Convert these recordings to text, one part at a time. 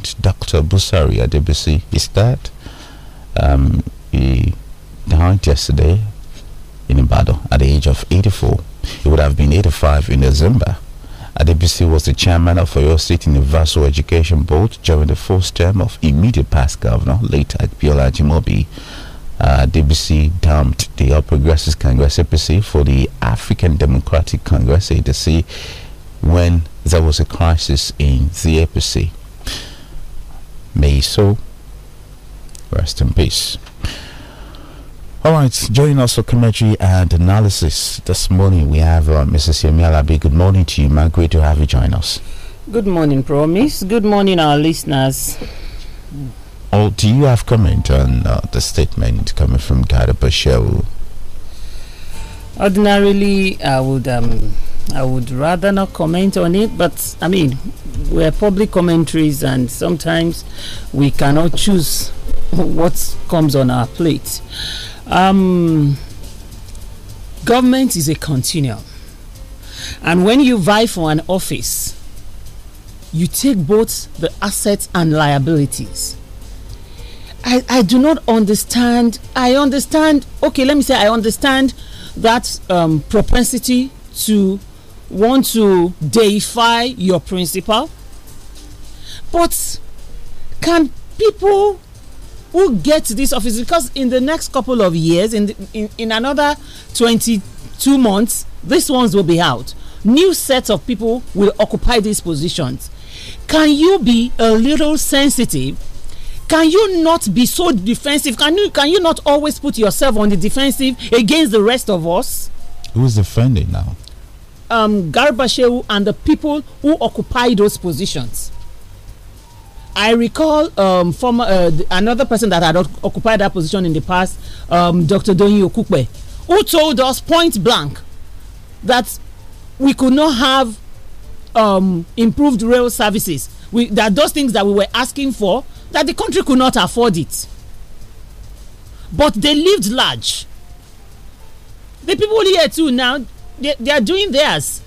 Dr. Busari Adebisi, is that um, he died yesterday in battle at the age of 84. He would have been 85 in December. Adebisi was the chairman of Oyo State Universal Education Board during the first term of immediate past governor, late Akbiola Jimobi. Uh, DBC dumped the All Progressives Congress APC for the African Democratic Congress ADC when there was a crisis in the APC. May so rest in peace. All right, joining us for commentary and analysis this morning, we have uh, Mrs. Yemi Alabi. Good morning to you, man. Great to have you join us. Good morning, Promise. Good morning, our listeners. Oh, do you have comment on uh, the statement coming from Garda Bashir Ordinarily, I would um, I would rather not comment on it, but I mean, we're public commentaries, and sometimes we cannot choose what comes on our plate. Um, government is a continuum, and when you vie for an office, you take both the assets and liabilities. I, I do not understand. I understand. Okay, let me say I understand that um, propensity to want to deify your principal. But can people who get this office, because in the next couple of years, in, the, in, in another 22 months, these ones will be out. New sets of people will occupy these positions. Can you be a little sensitive can you not be so defensive? Can you can you not always put yourself on the defensive against the rest of us? Who's defending now? Um, Garbashew and the people who occupy those positions. I recall um, from uh, another person that had occupied that position in the past, um, Dr. Donyi Okukwe, who told us point blank that we could not have um, improved rail services. We, that those things that we were asking for that the country could not afford it. But they lived large. The people here too now, they, they are doing theirs.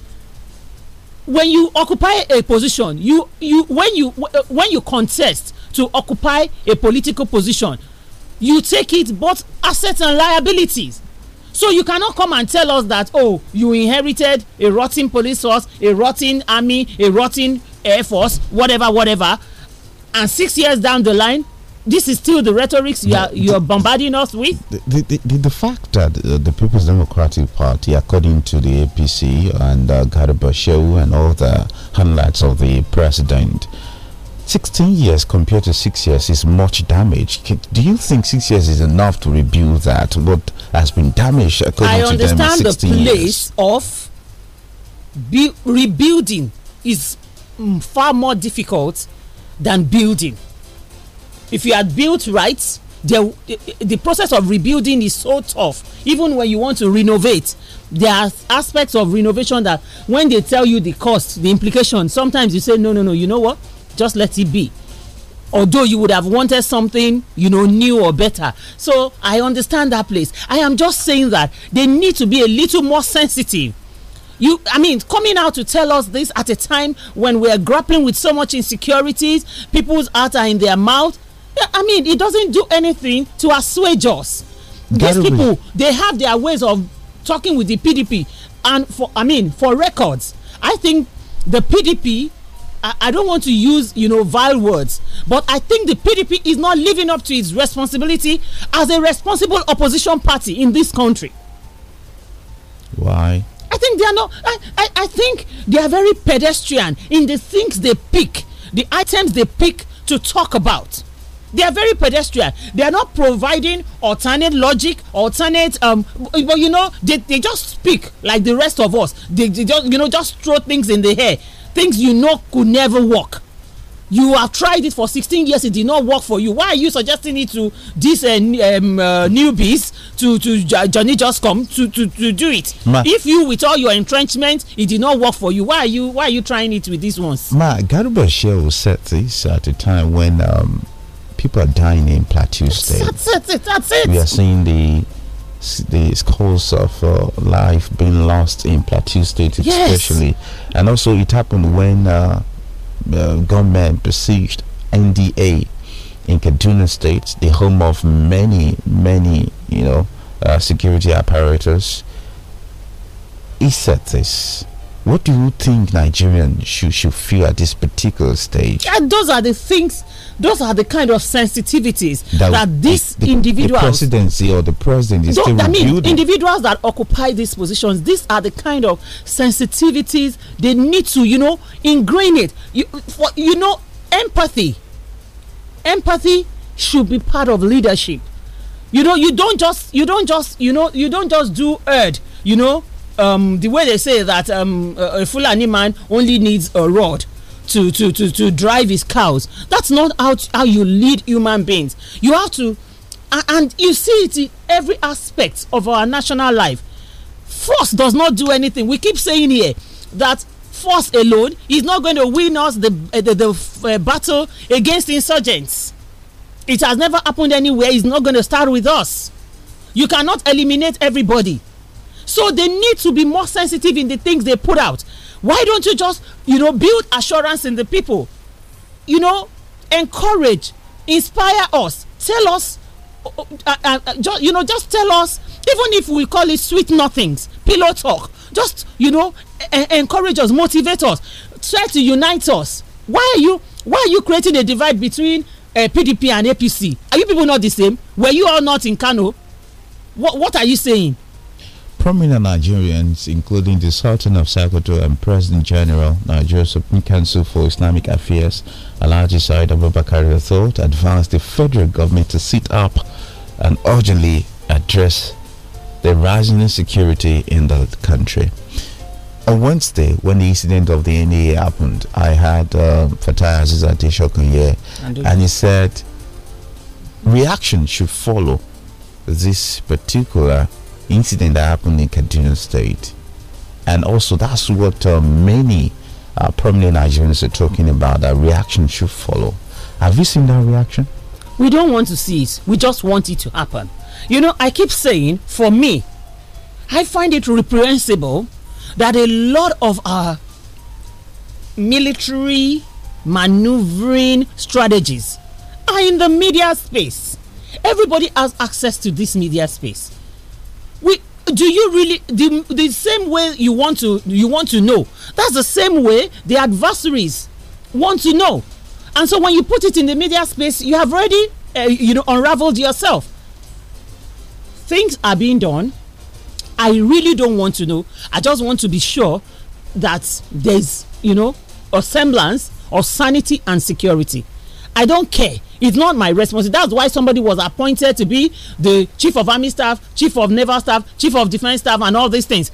When you occupy a position, you you when you when you contest to occupy a political position, you take it both assets and liabilities. So you cannot come and tell us that oh you inherited a rotten police force, a rotten army, a rotten air force, whatever, whatever and six years down the line, this is still the rhetoric you are you are bombarding us with. The the, the, the fact that uh, the People's Democratic Party, according to the APC and uh, Shehu and all the handlers of the president, 16 years compared to 6 years is much damage. Do you think 6 years is enough to rebuild that? What has been damaged according I to them I understand the place years? of rebuilding is mm, far more difficult than building. If you had built right, the, the process of rebuilding is so tough. Even when you want to renovate, there are aspects of renovation that when they tell you the cost, the implication, sometimes you say, no, no, no, you know what? Just let it be although you would have wanted something you know new or better so i understand that place i am just saying that they need to be a little more sensitive you i mean coming out to tell us this at a time when we're grappling with so much insecurities people's hearts are in their mouth i mean it doesn't do anything to assuage us these people they have their ways of talking with the pdp and for i mean for records i think the pdp I, I don't want to use, you know, vile words, but I think the PDP is not living up to its responsibility as a responsible opposition party in this country. Why? I think they are not. I, I, I think they are very pedestrian in the things they pick, the items they pick to talk about they are very pedestrian they are not providing alternate logic alternate um but you know they, they just speak like the rest of us they, they just you know just throw things in the air things you know could never work you have tried it for 16 years it did not work for you why are you suggesting it to these uh, um, uh, newbies to to johnny just come to to to do it ma if you with all your entrenchment it did not work for you why are you why are you trying it with these ones ma garuba shehu said this at a time when um, people are dying in plateau state that's, that's it that's it we are seeing the the course of uh, life being lost in plateau state especially yes. and also it happened when uh, uh, gunmen besieged NDA in Kaduna State, the home of many, many, you know, uh, security apparatus. He said this. What do you think Nigerians should should feel at this particular stage? those are the things. Those are the kind of sensitivities that, that these the, individuals, the presidency or the president is still I mean, individuals that occupy these positions. These are the kind of sensitivities they need to, you know, ingrain it. You, for, you know, empathy. Empathy should be part of leadership. You know, you don't just, you don't just, you know, you don't just do erd. You know, um, the way they say that um, a, Fulani man only needs a rod to, to, to, to drive his cows. That's not how, how you lead human beings. You have to, and you see it in every aspect of our national life. Force does not do anything. We keep saying here that force alone is not going to win us the, uh, the, the uh, battle against insurgents. It has never happened anywhere. It's not going to start with us. You cannot eliminate everybody so they need to be more sensitive in the things they put out. Why don't you just, you know, build assurance in the people? You know, encourage, inspire us, tell us, uh, uh, uh, just, you know, just tell us, even if we call it sweet nothings, pillow talk, just, you know, encourage us, motivate us, try to unite us. Why are you, why are you creating a divide between uh, PDP and APC. Are you people not the same? Were you all not in Kano? What What are you saying? Prominent Nigerians, including the Sultan of Sokoto and President General Nigeria Supreme Council for Islamic Affairs, Alaji Said Abubakar thought, advised the federal government to sit up and urgently address the rising insecurity in the country. On Wednesday, when the incident of the NEA happened, I had uh, Fatah Aziz Adeshokunye, and he said reaction should follow this particular incident that happened in Kaduna State. And also, that's what uh, many uh, prominent Nigerians are talking about that reaction should follow. Have you seen that reaction? We don't want to see it, we just want it to happen. You know, I keep saying, for me, I find it reprehensible that a lot of our military maneuvering strategies are in the media space. Everybody has access to this media space do you really the, the same way you want to you want to know that's the same way the adversaries want to know and so when you put it in the media space you have already uh, you know unraveled yourself things are being done i really don't want to know i just want to be sure that there's you know a semblance of sanity and security I don't care. It's not my responsibility. That's why somebody was appointed to be the chief of army staff, chief of naval staff, chief of defense staff, and all these things.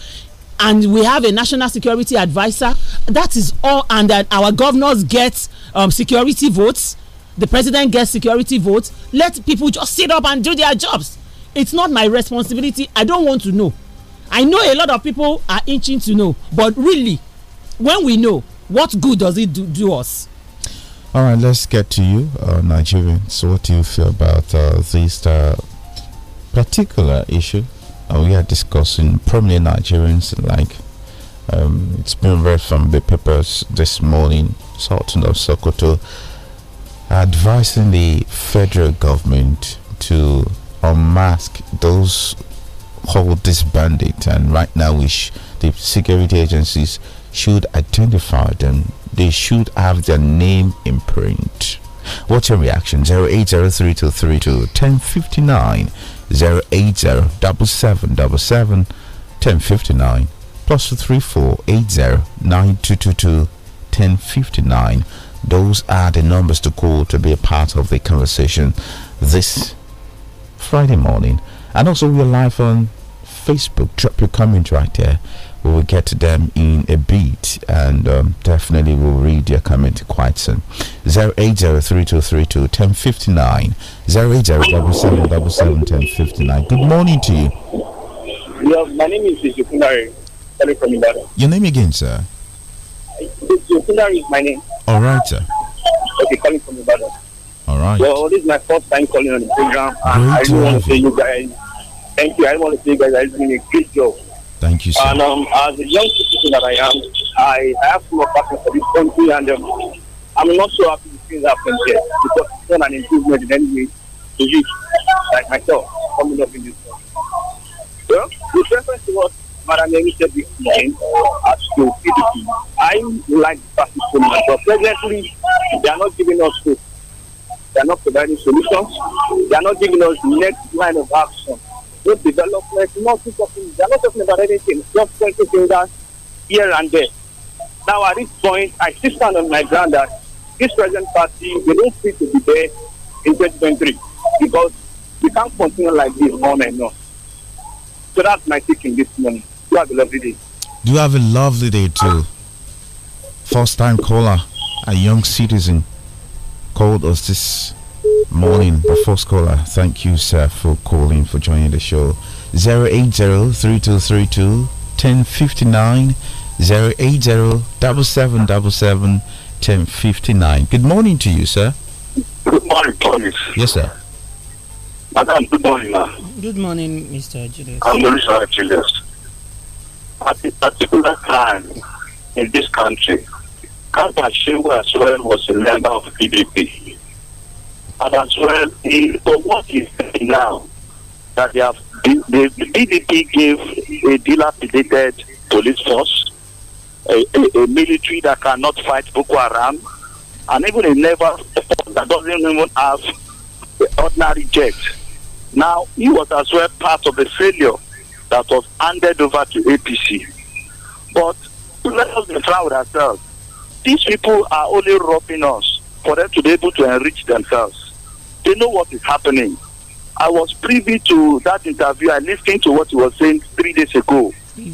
And we have a national security advisor. That is all. And that our governors get um, security votes. The president gets security votes. Let people just sit up and do their jobs. It's not my responsibility. I don't want to know. I know a lot of people are itching to know, but really, when we know, what good does it do, do us? All right, let's get to you, uh, Nigerians. What do you feel about uh, this uh, particular issue we are discussing? Probably Nigerians like um, it's been read from the papers this morning. Sultan of Sokoto advising the federal government to unmask those hold this bandit, and right now, which the security agencies should identify them they should have their name in print. What's your reaction? 08032321059 2348092221059 those are the numbers to call to be a part of the conversation this Friday morning. And also, we're live on Facebook. Drop your comment right there we will get to them in a bit and um, definitely we'll read their comment quite soon 0803232 1059 good morning to you yes my name is Ishukunari calling from Ibadan your name again sir Ishukunari is my name all right sir okay calling from Ibadan all right well this is my first time calling on the program Great I just want to say you guys thank you I want to say you guys are doing a great job Thank you, sir. And um, as a young citizen that I am, I, I have more passion for this country, and um, I'm not so happy with things happening here because it's not an improvement in any way to youth like myself coming up in this country. Well, with reference to what Madam Amy said this morning as to PDP, I like the party so much, but presently they are not giving us hope. They are not providing solutions. They are not giving us the next line of action no development, nothing talking, they're not talking about anything, just pointing fingers here and there. Now, at this point, I still stand on my ground that this present party, will not fit to be there in 2023 because we can't continue like this on and on. So that's my thinking this morning. You have a lovely day. Do have a lovely day too. First time caller, a young citizen, called us this Morning, the first caller. Thank you, sir, for calling, for joining the show. 080-3232-1059, 080-7777-1059. Good morning to you, sir. Good morning, police. Yes, sir. Madam, good morning, ma'am. Good morning, Mr. Julius. I'm very Julius. At a particular time in this country, Kaba Shewa as was a member of the PDP and as well the so what is now that they have the, the, the DDP gave a dilapidated police force, a, a, a, military that cannot fight Boko Haram, and even a naval force that doesn't even have ordinary jets. Now, he was as well part of the failure that was handed over to APC. But let us be frank with ourselves. These people are only robbing us for them to be able to enrich themselves. They know what is happening. I was privy to that interview. I listened to what he was saying three days ago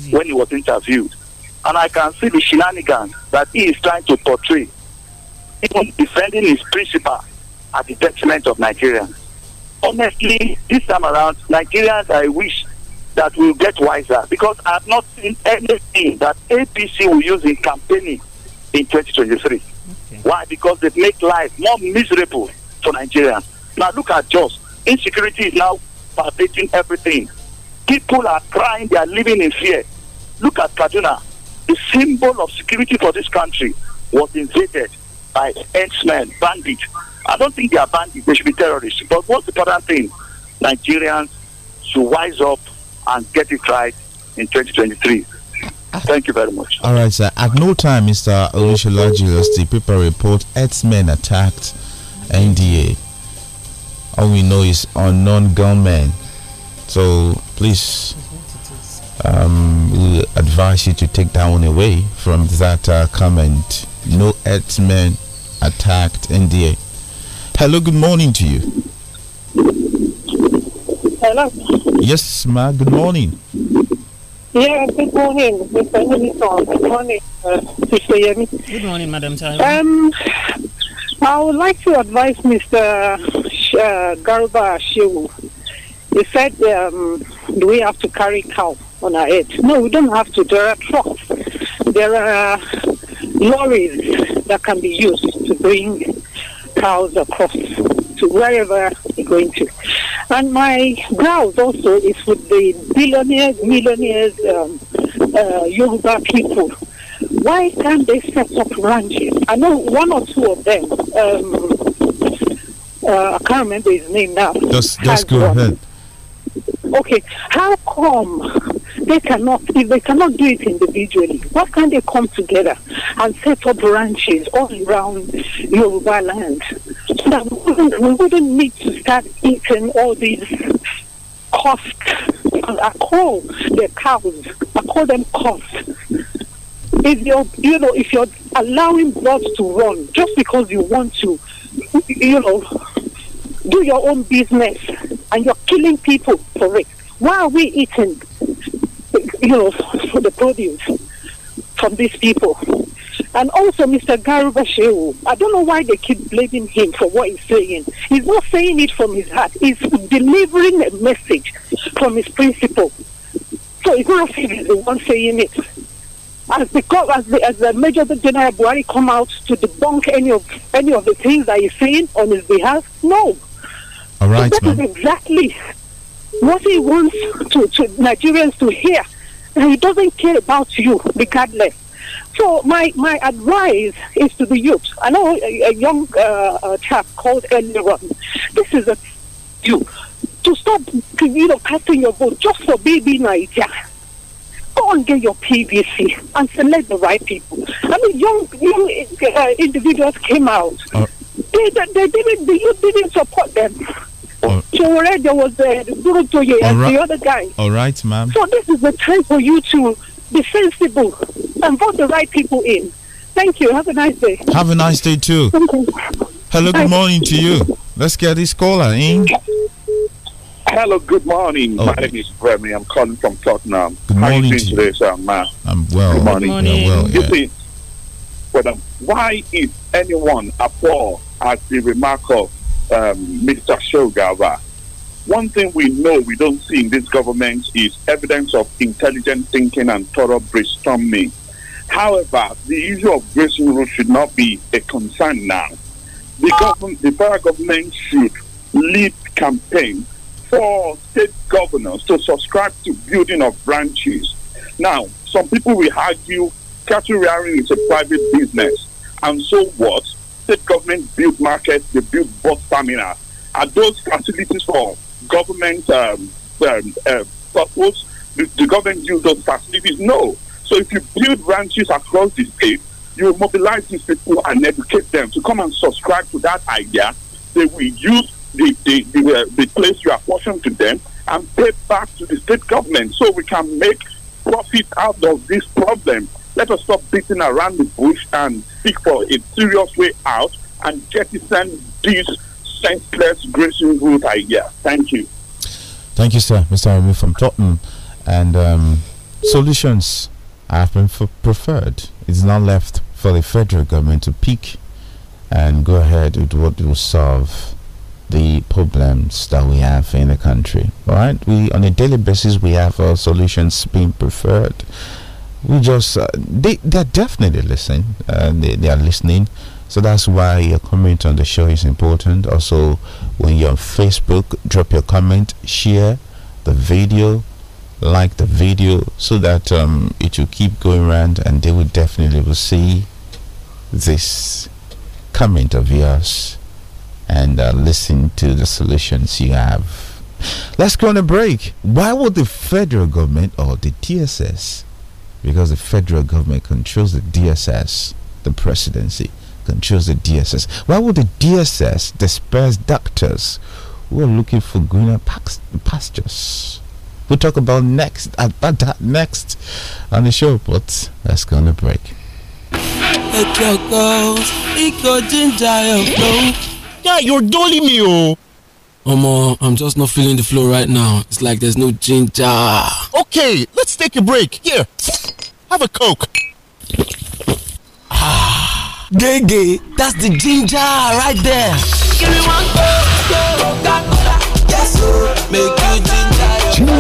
when he was interviewed. And I can see the shenanigans that he is trying to portray, even defending his principal at the detriment of Nigerians. Honestly, this time around, Nigerians, I wish that will get wiser because I have not seen anything that APC will use in campaigning in 2023. Okay. Why? Because they make life more miserable for Nigerians. Now look at just insecurity is now pervading everything. People are crying, they are living in fear. Look at Kaduna. The symbol of security for this country was invaded by henchmen, bandits. I don't think they are bandits, they should be terrorists. But what's the important thing? Nigerians should wise up and get it right in 2023. Thank you very much. All right, sir. At no time, Mr. Olusholaji, the paper report, henchmen attacked NDA all we know is unknown gunmen. So please, um, we advise you to take that one away from that uh, comment. No men attacked NDA. Hello, good morning to you. Hello. Yes, ma. Good morning. Yeah, good morning, Mr. Good morning, uh, Good morning, Madam Um, I would like to advise Mr. Uh, Garba Shiwu. He said, um, do we have to carry cow on our head? No, we don't have to. There are trucks. There are lorries that can be used to bring cows across to wherever they're going to. And my grouse also is with the billionaires, millionaires, um, uh, Yoruba people why can't they set up ranches? I know one or two of them. Um, uh, I can't remember his name now. Just, just go one. ahead. Okay, how come they cannot? If they cannot do it individually, why can't they come together and set up ranches all around Yoruba land? So that we wouldn't, we wouldn't need to start eating all these costs. I call the cows. I call them costs if you're you know if you're allowing blood to run just because you want to you know do your own business and you're killing people for it why are we eating you know the produce from these people and also Mr. Garuba Shehu, I don't know why they keep blaming him for what he's saying. He's not saying it from his heart. He's delivering a message from his principle. So he's not saying if he's the one saying it as because as the, as the Major General Buhari come out to debunk any of any of the things that he's saying on his behalf? No. All right, so that is exactly what he wants to, to Nigerians to hear. And he doesn't care about you, regardless. So my, my advice is to the youth. I know a, a young uh, uh chap called Eliron. This is a you to stop, you know, casting your vote just for baby Nigeria go and get your PVC and select the right people. I mean, young, young uh, individuals came out. Uh, they, they, they, didn't, the youth didn't support them. Uh, so already there was the uh, Duro Toye and the other guy. All right, ma'am. So this is the time for you to be sensible and vote the right people in. Thank you. Have a nice day. Have a nice day too. Hello, good morning to you. Let's get this caller in. Hello, good morning. My name is Remy. I'm calling from Tottenham. Good morning How morning. Are you doing today, sir? I'm well. Good morning. Good morning. Yeah, well, yeah. You see, but, um, why is anyone appalled at the remark of um, Mr. Shogava? One thing we know we don't see in this government is evidence of intelligent thinking and thorough brainstorming. However, the issue of grazing rules should not be a concern now. The, government, the federal government should lead campaigns for state governors to subscribe to building of branches. Now, some people will argue cattle rearing is a private business, and so what? State government build markets, they build bus stamina. Are those facilities for government um, um, uh, purpose? The, the government use those facilities? No. So if you build branches across the state, you mobilize these people and educate them to come and subscribe to that idea. They will use the, the, the, uh, the place you apportion to them and pay back to the state government so we can make profit out of this problem. Let us stop beating around the bush and seek for a serious way out and jettison this senseless grazing route idea. Thank you. Thank you, sir. Mr. Remy from Tottenham. And um, solutions have been preferred. It's now left for the federal government to pick and go ahead with what will solve the problems that we have in the country. right? we on a daily basis we have solutions being preferred. We just uh, they they're definitely listening. Uh, they they are listening. So that's why your comment on the show is important. Also, when you're on Facebook, drop your comment, share the video, like the video, so that um, it will keep going around, and they will definitely will see this comment of yours and uh, listen to the solutions you have. Let's go on a break. Why would the federal government or the DSS? Because the federal government controls the DSS, the presidency controls the DSS. Why would the DSS disperse doctors who are looking for greener pastures? We'll talk about next about that next on the show, but let's go on a break guy, you're dolling me, oh. Omo, I'm just not feeling the flow right now. It's like there's no ginger. Okay, let's take a break. Here, have a coke. Ah, Gege, that's the ginger right there. Give me one Yes, make you ginger.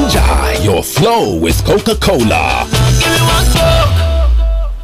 Ginger your flow with Coca-Cola. Give me one coke.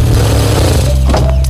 あっ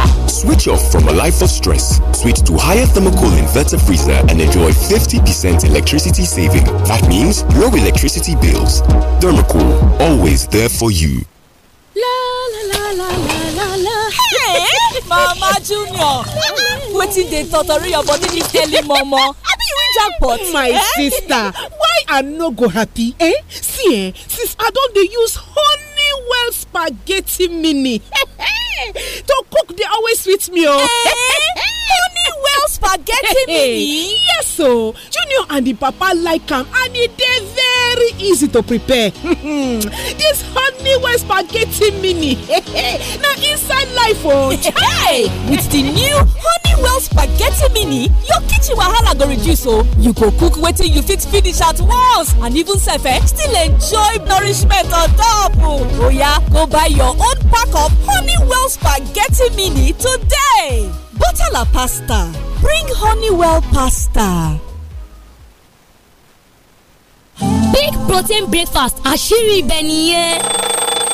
Switch off from a life of stress. Switch to higher thermocool inverter freezer and enjoy 50% electricity saving. That means low electricity bills. Thermocool, always there for you. La la la la la la. Hey, Mama Junior, What wetin dey totori your body this early momo? Abi you win jackpot? My eh? sister, why I no go happy? Eh? See, eh, since I don't use Honeywell spaghetti mini to cook dey always sweet me o. Oh. Eh? honeywell spaghetti mini. yes o junior and the papa like am and they're very easy to prepare. this honeywell spaghetti mini Now inside life oh, Hey, with the new honeywell spaghetti mini your kitchen wahala go reduce Oh, you go cook wetin you fix finish at once and even self eh, still enjoy nourishment on top Oh yeah, go buy your own pack of honeywell spaghetti mini today. Butala pasta. Bring Honeywell pasta. Big protein breakfast àṣírí ibẹ̀ nìyẹn.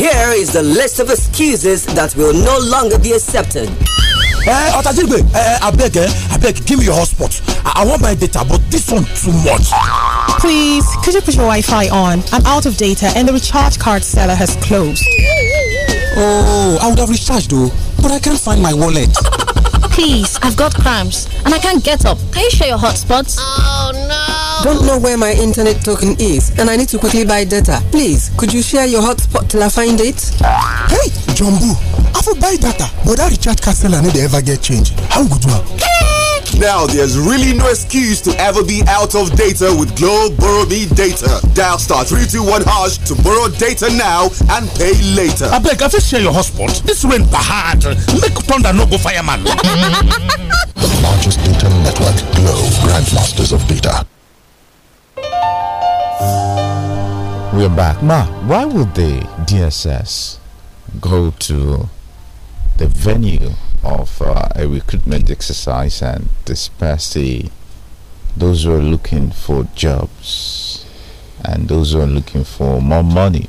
Here is the list of excuses that will no longer be accepted. Eh, Otajigbe, eh, beg, eh, beg, eh, give me your hotspot. I, I want my data, but this one too much. Please, could you put your Wi-Fi on? I'm out of data and the recharge card seller has closed. Oh, I would have recharged though, but I can't find my wallet. Please, I've got cramps and I can't get up. Can you share your hotspots? Oh no! Don't know where my internet token is and I need to quickly buy data. Please, could you share your hotspot till I find it? Hey, Jumbo, I will buy data, but that recharge castle I need to ever get change. How good one? Now there's really no excuse to ever be out of data with Globe Borrow Me Data. Dial star 321 hash to borrow data now and pay later. I beg, I fit share your hotspot. This rain bahad. Make thunder no go fireman. the largest data network, Globe, grandmasters of data. We are back. Ma, why would the DSS go to the venue of uh, a recruitment exercise and disperse the those who are looking for jobs and those who are looking for more money?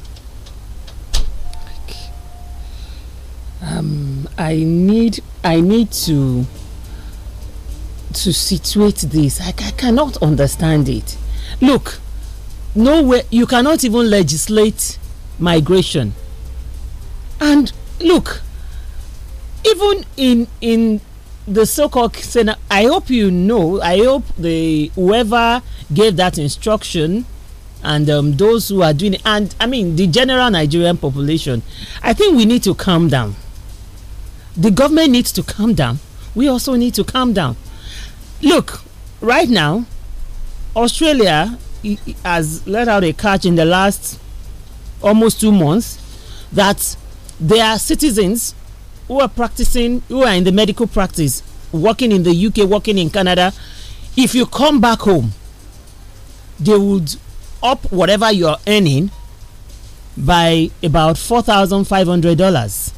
Um, I need I need to to situate this. I, I cannot understand it. Look, nowhere you cannot even legislate migration. And look, even in in the so-called Senate, I hope you know. I hope the whoever gave that instruction and um, those who are doing it, and I mean the general Nigerian population, I think we need to calm down. The government needs to calm down. We also need to calm down. Look, right now, Australia has let out a catch in the last almost two months that their citizens who are practicing, who are in the medical practice, working in the UK, working in Canada, if you come back home, they would up whatever you're earning by about $4,500.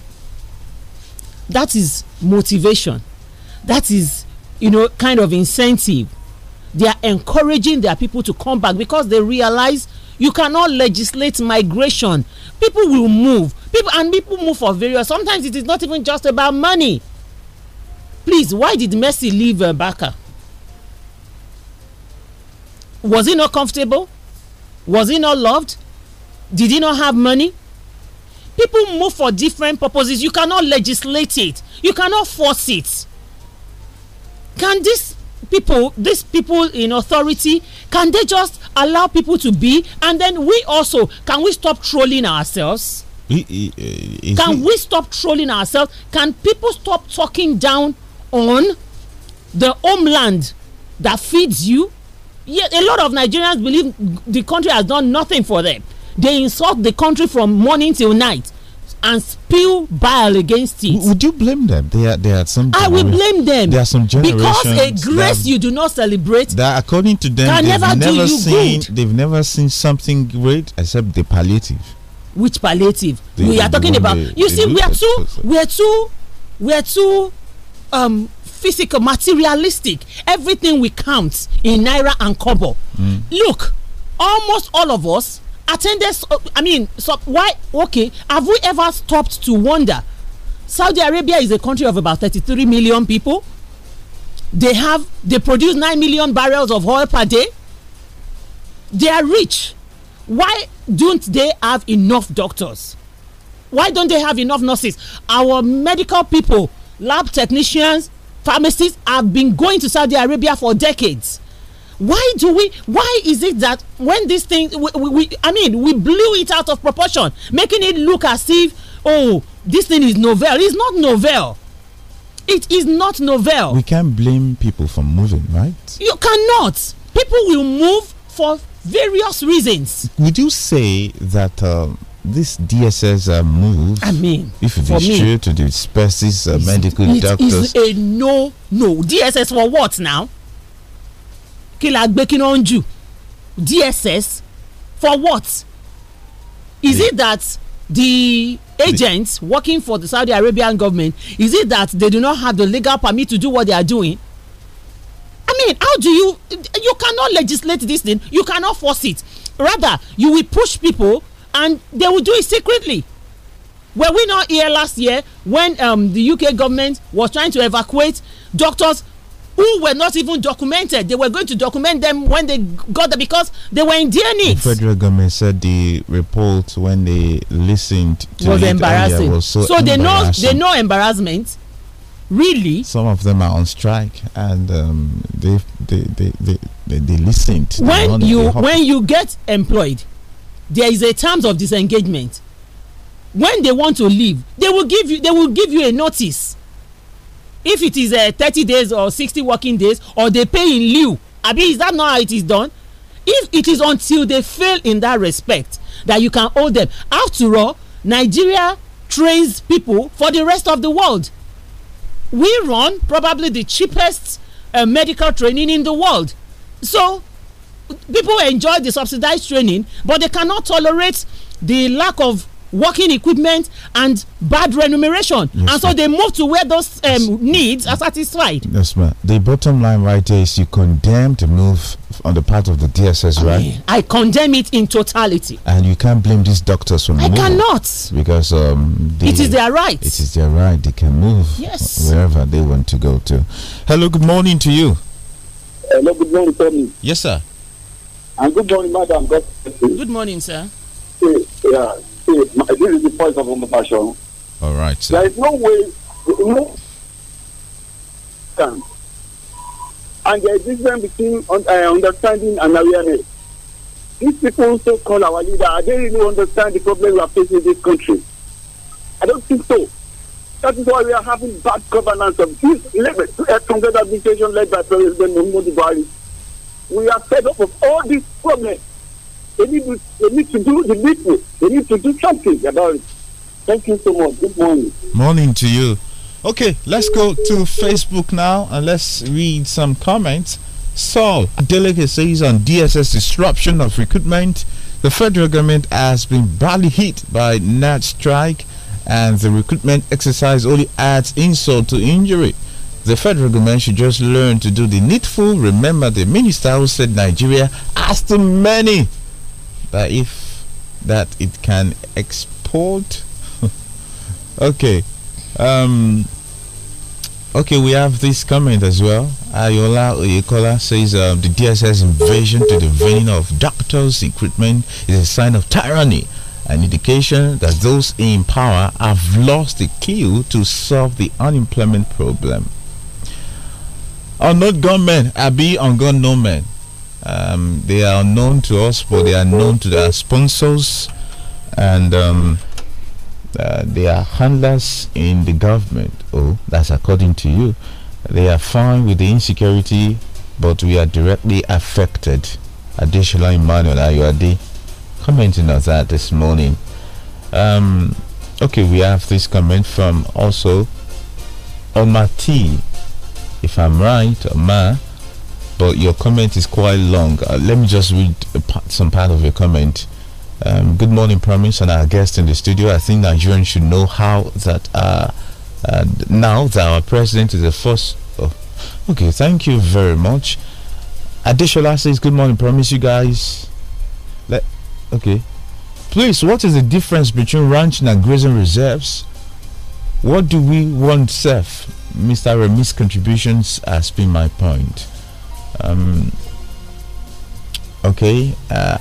That is motivation. That is, you know, kind of incentive they are encouraging their people to come back because they realize you cannot legislate migration people will move people and people move for various sometimes it is not even just about money please why did messi leave uh, was he not comfortable was he not loved did he not have money people move for different purposes you cannot legislate it you cannot force it can this people, these people in authority, can they just allow people to be? And then we also, can we stop trolling ourselves? Eh, can we stop trolling ourselves? Can people stop talking down on the homeland that feeds you? Yeah, a lot of Nigerians believe the country has done nothing for them. They insult the country from morning till night and spill bile against it. Would you blame them? They are, they are some. I will blame them. There are some generations because a grace you do not celebrate. That according to them, they've never, never seen. Good. They've never seen something great except the palliative. Which palliative? The, we are talking about. They, you they see, we are too. We are too. We are too. Um, physical, materialistic. Everything we count in naira and kobo. Mm. Look, almost all of us attended i mean so why okay have we ever stopped to wonder saudi arabia is a country of about 33 million people they have they produce 9 million barrels of oil per day they are rich why don't they have enough doctors why don't they have enough nurses our medical people lab technicians pharmacists have been going to saudi arabia for decades why do we why is it that when this thing we, we, we, i mean we blew it out of proportion making it look as if oh this thing is novel it's not novel it is not novel we can't blame people for moving right you cannot people will move for various reasons would you say that um, this DSS uh, move, I mean, if it is me, true to the species uh, medical it doctors, it is a no, no DSS for what now? kí la gbé kí jù dss for what is yeah. it that the agents working for the saudi arabian government is it that they do not have the legal permit to do what they are doing i mean how do you you cannot legislate this thing you cannot force it rather you will push people and they will do it secretly were we not here last year when um, the uk government was trying to evacuate doctors who were not even documented. They were going to document them when they got there because they were in their need. The federal government said the report when they listened to was embarrassing. Was so, so they know they know embarrassment. Really, some of them are on strike, and um, they, they, they, they they they listened. When you when you get employed, there is a terms of disengagement. When they want to leave, they will give you they will give you a notice if it is uh, thirty days or sixty working days or they pay in lieu abi is that not how it is done if it is until they fail in that respect that you can hold them after all nigeria trains people for the rest of the world we run probably the cheapest uh, medical training in the world so people enjoy the subsidized training but they cannot tolerate the lack of working equipment and bad remuneration yes, and so they move to where those um, needs are satisfied yes ma'am the bottom line right there is you condemn the move on the part of the dss I, right i condemn it in totality and you can't blame these doctors for i moving cannot because um, they, it is their right it is their right they can move yes wherever they want to go to hello good morning to you hello good morning Tommy. yes sir and good morning madam god good morning sir yeah this is the point of compassion. All right. Sir. There is no way, no can. And there is a difference between uh, understanding and awareness. These people still call our leader, I don't really understand the problem we are facing in this country. I don't think so. That is why we are having bad governance of this level, a Congress administration led by President Muhammadu Buhari. We are fed up of all these problems. They need, to, they need to do the people. They need to do something about it. Thank you so much. Good morning. Morning to you. Okay, let's go to Facebook now and let's read some comments. Saul Delegate says on DSS disruption of recruitment, the federal government has been badly hit by NAT strike and the recruitment exercise only adds insult to injury. The federal government should just learn to do the needful. Remember the minister who said Nigeria has too many that if that it can export okay um okay we have this comment as well ayola Oyekola says um, the dss invasion to the vein of doctors equipment is a sign of tyranny an indication that those in power have lost the key to solve the unemployment problem. not gunmen, I be unknown no men. Um, they are known to us, but they are known to their sponsors and um, uh, they are handlers in the government. Oh, that's according to you. They are fine with the insecurity, but we are directly affected. Additionally, Emmanuel Ayuade commenting on that this morning. Um, okay, we have this comment from also Omar T. If I'm right, Omar but your comment is quite long. Uh, let me just read part, some part of your comment. Um, good morning, Prime Minister and our guest in the studio. I think Nigerians should know how that uh, uh, now that our president is the first. Oh, okay, thank you very much. Adeshola says, Good morning, promise you guys. Let, okay. Please, what is the difference between ranching and grazing reserves? What do we want, Seth? Mr. Remy's contributions has been my point. Um, okay. Uh,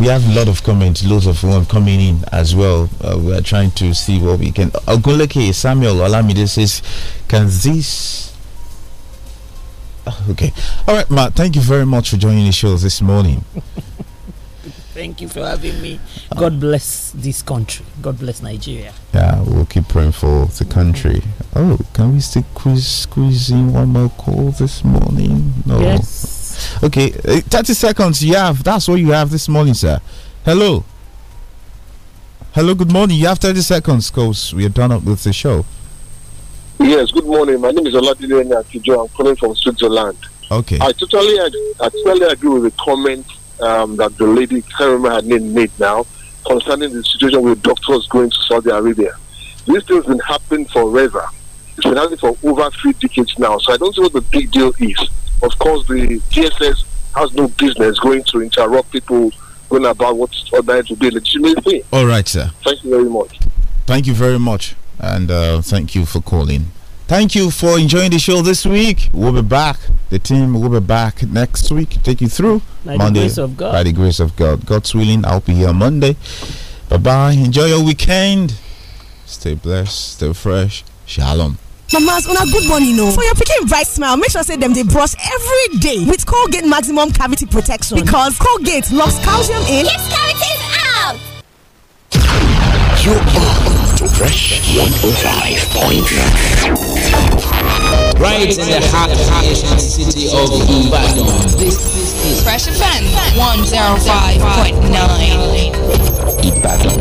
we have a lot of comments, loads of one coming in as well. Uh, we are trying to see what we can. Okay, Samuel Olamide says, "Can this?" Oh, okay, all right, Matt. Thank you very much for joining the show this morning. Thank you for having me. God bless this country. God bless Nigeria. Yeah, we'll keep praying for the country. Oh, can we still squeeze, squeeze in one more call this morning? No. Yes. Okay, uh, 30 seconds you have. That's what you have this morning, sir. Hello. Hello, good morning. You have 30 seconds because we are done up with the show. Yes, good morning. My name is Oladile Nakijo. I'm coming from Switzerland. Okay. I totally, I totally agree with the comment um, that the lady, I can't remember her name, made now concerning the situation with doctors going to Saudi Arabia. This thing's been happening forever. It's been happening for over three decades now. So I don't see what the big deal is. Of course, the DSS has no business going to interrupt people going about what's ordered to be a legitimate thing. All right, sir. Thank you very much. Thank you very much. And uh, thank you for calling. Thank you for enjoying the show this week. We'll be back. The team will be back next week. Take you through by Monday. The by the grace of God. God's willing, I'll be here Monday. Bye bye. Enjoy your weekend. Stay blessed. Stay fresh. Shalom. Mamas, on a good morning, you know. For your picking bright smile, make sure say them they brush every day with Colgate Maximum Cavity Protection because Colgate locks calcium in. Keeps cavities out. You Fresh 105.9. Right in the heart of the city of Ibadan. This is Fresh Offense 105.9. Ibadan.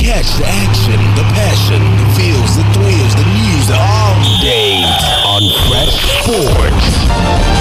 Catch the action, the passion, the feels, the thrills, the news all day on Fresh Sports.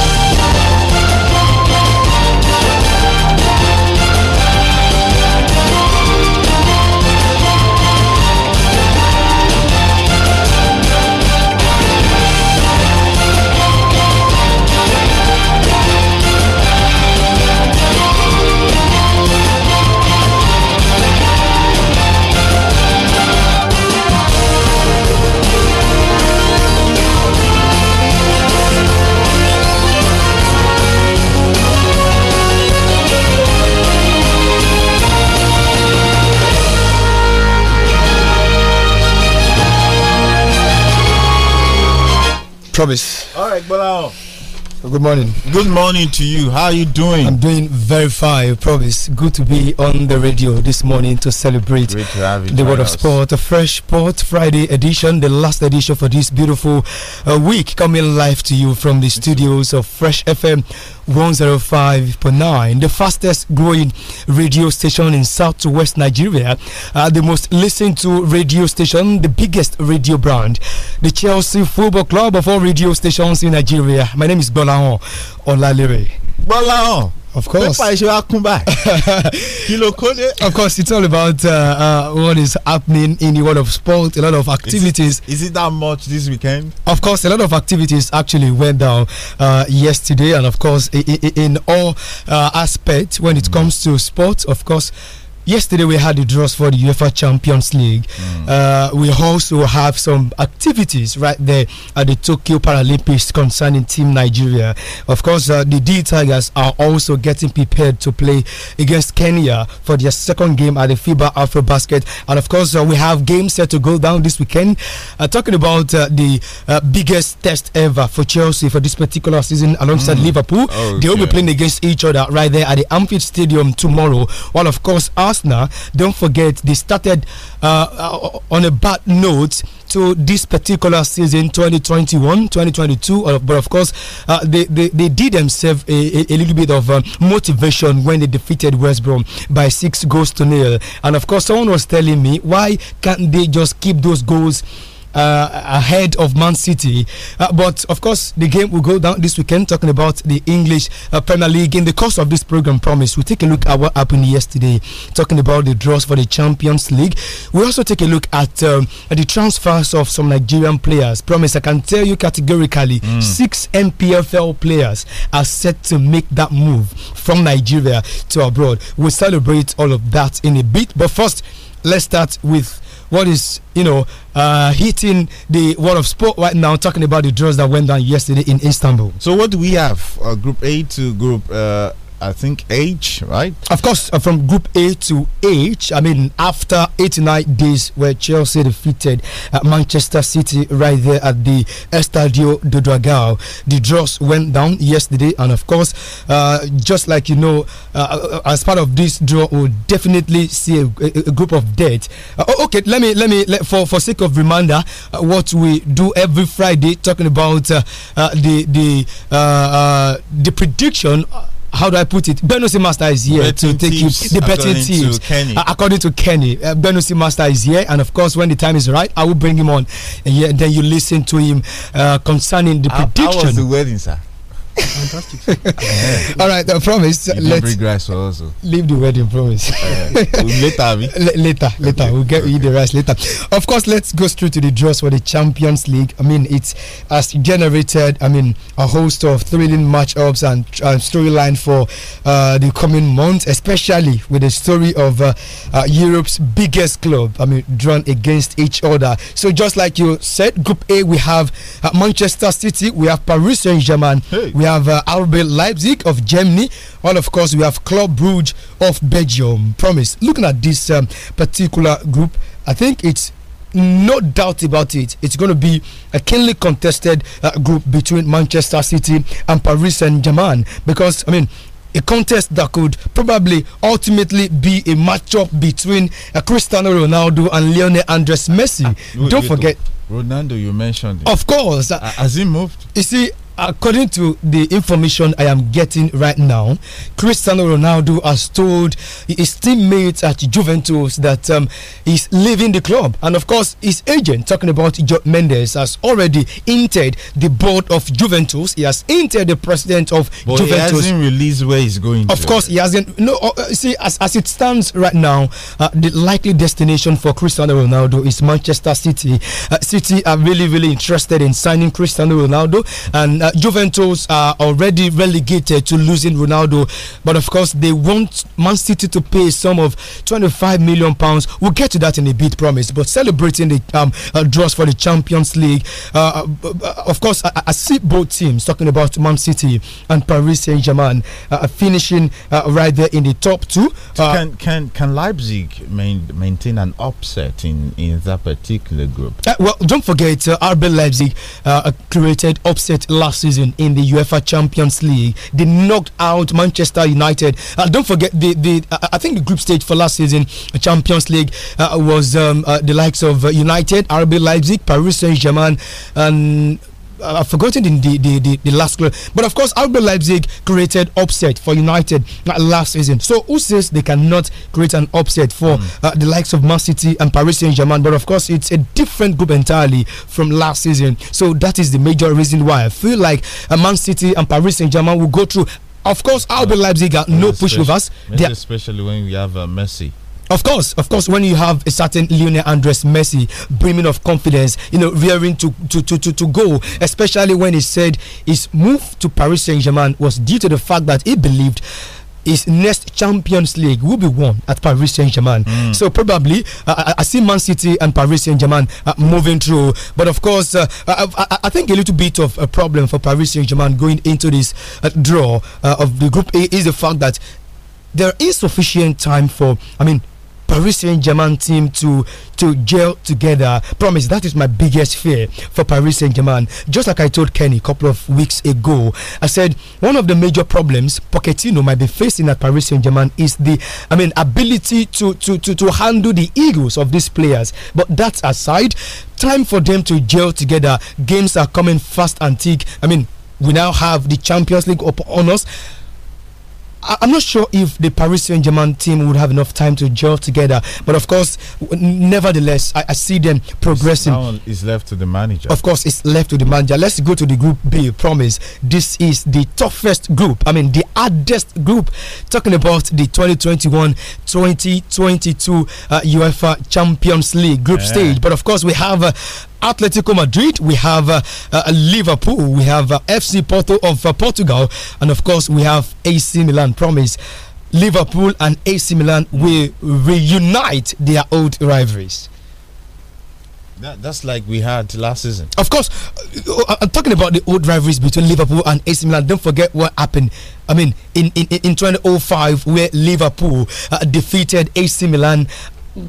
Promise. All right, Bolao. Good morning. Good morning to you. How are you doing? I'm doing very fine, I promise. Good to be on the radio this morning to celebrate to the world of sport, a fresh sport Friday edition, the last edition for this beautiful uh, week. Coming live to you from the studios of Fresh FM 105.9, the fastest growing radio station in southwest Nigeria, uh, the most listened to radio station, the biggest radio brand, the Chelsea Football Club of all radio stations in Nigeria. My name is Bolahon Olalere. Bolaon. Of course. of course, it's all about uh, uh, what is happening in the world of sport, a lot of activities. Is, it that much this weekend? Of course, a lot of activities actually went down uh, yesterday, and of course, in, in all uh, aspects when it mm. comes to sports, of course yesterday we had the draws for the UEFA Champions League. Mm. Uh, we also have some activities right there at the Tokyo Paralympics concerning Team Nigeria. Of course, uh, the D Tigers are also getting prepared to play against Kenya for their second game at the FIBA Afro Basket. And of course, uh, we have games set to go down this weekend. Uh, talking about uh, the uh, biggest test ever for Chelsea for this particular season alongside mm. Liverpool. Okay. They will be playing against each other right there at the Anfield Stadium tomorrow. While, of course, Arsenal, don't forget they started uh, uh, on a bad note to this particular season 2021 2022 uh, but of course uh, they, they, they did themselves a, a, a little bit of um, motivation when they defeated West Brom by six goals to nil and of course someone was telling me why can't they just keep those goals uh, ahead of Man City. Uh, but of course, the game will go down this weekend. Talking about the English uh, Premier League in the course of this program, promise we take a look at what happened yesterday. Talking about the draws for the Champions League, we also take a look at, um, at the transfers of some Nigerian players. Promise I can tell you categorically, mm. six MPFL players are set to make that move from Nigeria to abroad. We'll celebrate all of that in a bit. But first, let's start with what is you know uh, hitting the world of sport right now, talking about the draws that went down yesterday in Istanbul. So what do we have? Uh, group A to Group uh, I think H, right? Of course, uh, from Group A to H. I mean, after 89 days, where Chelsea defeated uh, Manchester City right there at the Estadio de Dragao, the draws went down yesterday, and of course, uh, just like you know, uh, uh, as part of this draw, we'll definitely see a, a, group of dead. Uh, okay, let me let me let, for for sake of reminder, what we do every Friday, talking about the the the prediction how do I put it? Benusi Master is here betting to take you the betting teams. according to Kenny, uh, Benusi Master is here, and of course, when the time is right, I will bring him on, and yeah, then you listen to him uh, concerning the prediction. How was the wedding, sir? Fantastic. All right, I promise. You let's regress also. Leave the wedding, promise. Uh, later, later, later. Okay. We'll get okay. you the rice later. Of course, let's go straight to the draws for the Champions League. I mean, it has generated, I mean, a host of thrilling matchups and uh, storyline for uh, the coming months, especially with the story of uh, uh, Europe's biggest club. I mean, drawn against each other. So just like you said, Group A, we have uh, Manchester City, we have Paris Saint Germain. Hey. We we have uh, RB Leipzig of Germany, and of course, we have Club Brugge of Belgium. Promise. Looking at this um, particular group, I think it's no doubt about it. It's going to be a keenly contested uh, group between Manchester City and Paris Saint Germain because, I mean, a contest that could probably ultimately be a matchup between uh, Cristiano Ronaldo and Lionel Andres Messi. Uh, Don't forget. Oh, Ronaldo, you mentioned. It. Of course. Uh, Has he moved? You see, according to the information I am getting right now, Cristiano Ronaldo has told his teammates at Juventus that um, he's leaving the club. And of course, his agent, talking about Jot Mendes, has already entered the board of Juventus. He has entered the president of but Juventus. He hasn't released where he's going. Of to. course, he hasn't. No, uh, uh, see, as, as it stands right now, uh, the likely destination for Cristiano Ronaldo is Manchester City. Uh, City are really, really interested in signing Cristiano Ronaldo. And uh, Juventus are already relegated to losing Ronaldo, but of course they want Man City to pay some of 25 million pounds. We'll get to that in a bit, promise. But celebrating the um, uh, draws for the Champions League, uh, uh, uh of course, I, I, see both teams talking about Man City and Paris Saint Germain uh, finishing right there in the top two. can can can Leipzig main, maintain an upset in in that particular group? well, don't forget, RB Leipzig created upset last last season in the UEFA Champions League. They knocked out Manchester United. Uh, don't forget the the uh, I think the group stage for last season uh, Champions League uh, was um, uh, the likes of United, RB Leipzig, Paris Saint Germain, and I've forgotten the, the, the, the last club. But of course, RB Leipzig created upset for United uh, last season. So who says they cannot create an upset for mm. uh, the likes of Man City and Paris Saint Germain? But of course, it's a different group entirely from last season. So that is the major reason why I feel like uh, Man City and Paris Saint Germain will go through. Of course, RB Leipzig are no pushovers. Especially when we have uh, Messi of course, of course, when you have a certain Lionel Andres Messi brimming of confidence, you know, rearing to, to, to, to, to go, especially when he said his move to Paris Saint Germain was due to the fact that he believed his next Champions League will be won at Paris Saint Germain. Mm. So probably uh, I see Man City and Paris Saint Germain uh, moving through. But of course, uh, I, I, think a little bit of a problem for Paris Saint Germain going into this uh, draw uh, of the Group A is the fact that there is sufficient time for. I mean Paris Saint Germain team to to gel together. Promise that is my biggest fear for Paris Saint Germain. Just like I told Kenny a couple of weeks ago, I said one of the major problems Pochettino might be facing at Paris Saint Germain is the, I mean, ability to to to to handle the egos of these players. But that aside, time for them to gel together. Games are coming fast and thick. I mean, we now have the Champions League on us I'm not sure if the Paris Saint Germain team would have enough time to gel together, but of course, nevertheless, I, I see them progressing. It's, it's left to the manager. Of course, it's left to the manager. Let's go to the group B. Promise this is the toughest group. I mean, the hardest group. Talking about the 2021-2022 uh, UEFA Champions League group yeah. stage, but of course, we have uh, Atletico Madrid, we have uh, uh, Liverpool, we have uh, FC Porto of Portugal, and of course, we have AC Milan. Promise. Liverpool and AC Milan will reunite their old rivalries. That, that's like we had last season. Of course, I'm talking about the old rivalries between Liverpool and AC Milan. Don't forget what happened. I mean, in in, in 2005, where Liverpool uh, defeated AC Milan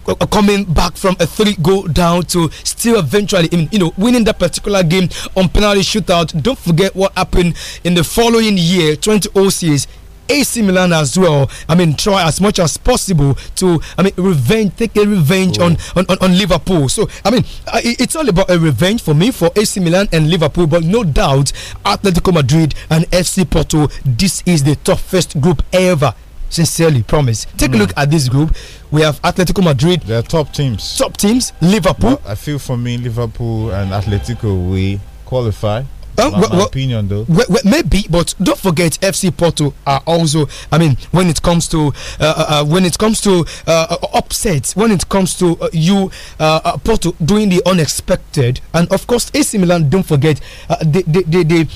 uh, coming back from a three goal down to still eventually you know winning that particular game on penalty shootout don't forget what happened in the following year 2006 AC Milan as well. I mean, try as much as possible to, I mean, revenge, take a revenge on, mm. on, on Liverpool. So, I mean, it's all about a revenge for me, for AC Milan and Liverpool, but no doubt, Atletico Madrid and FC Porto, this is the toughest group ever Sincerely, promise. Take mm. a look at this group. We have Atletico Madrid. They're top teams. Top teams. Liverpool. But I feel for me, Liverpool and Atletico we qualify. Um, my, well, opinion though. Well, well, maybe, but don't forget FC Porto are also. I mean, when it comes to uh, uh, uh when it comes to uh, uh, upsets, when it comes to uh, you Porto doing the unexpected, and of course AC Milan. Don't forget they, they, they, they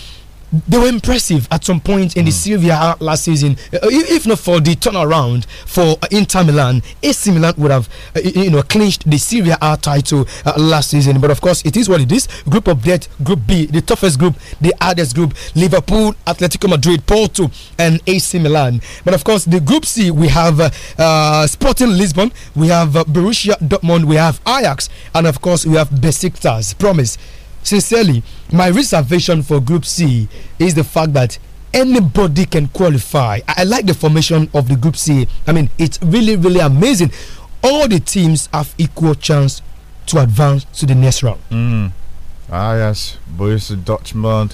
they were impressive at some point in mm. the Serie A last season. Uh, if not for the turnaround for uh, Inter Milan, AC Milan would have, uh, you know, clinched the Serie A title last season. But of course, it is what it is. Group of death, Group B, the toughest group, the hardest group. Liverpool, Atletico Madrid, Porto, and AC Milan. But of course, the Group C, we have uh, uh, Sporting Lisbon, we have uh, Borussia Dortmund, we have Ajax, and of course, we have Besiktas. Promise Sincerely, my reservation for Group C is the fact that anybody can qualify. I, like the formation of the Group C. I mean, it's really, really amazing. All the teams have equal chance to advance to the next round. Mm. Ah, yes, Borussia Dutchman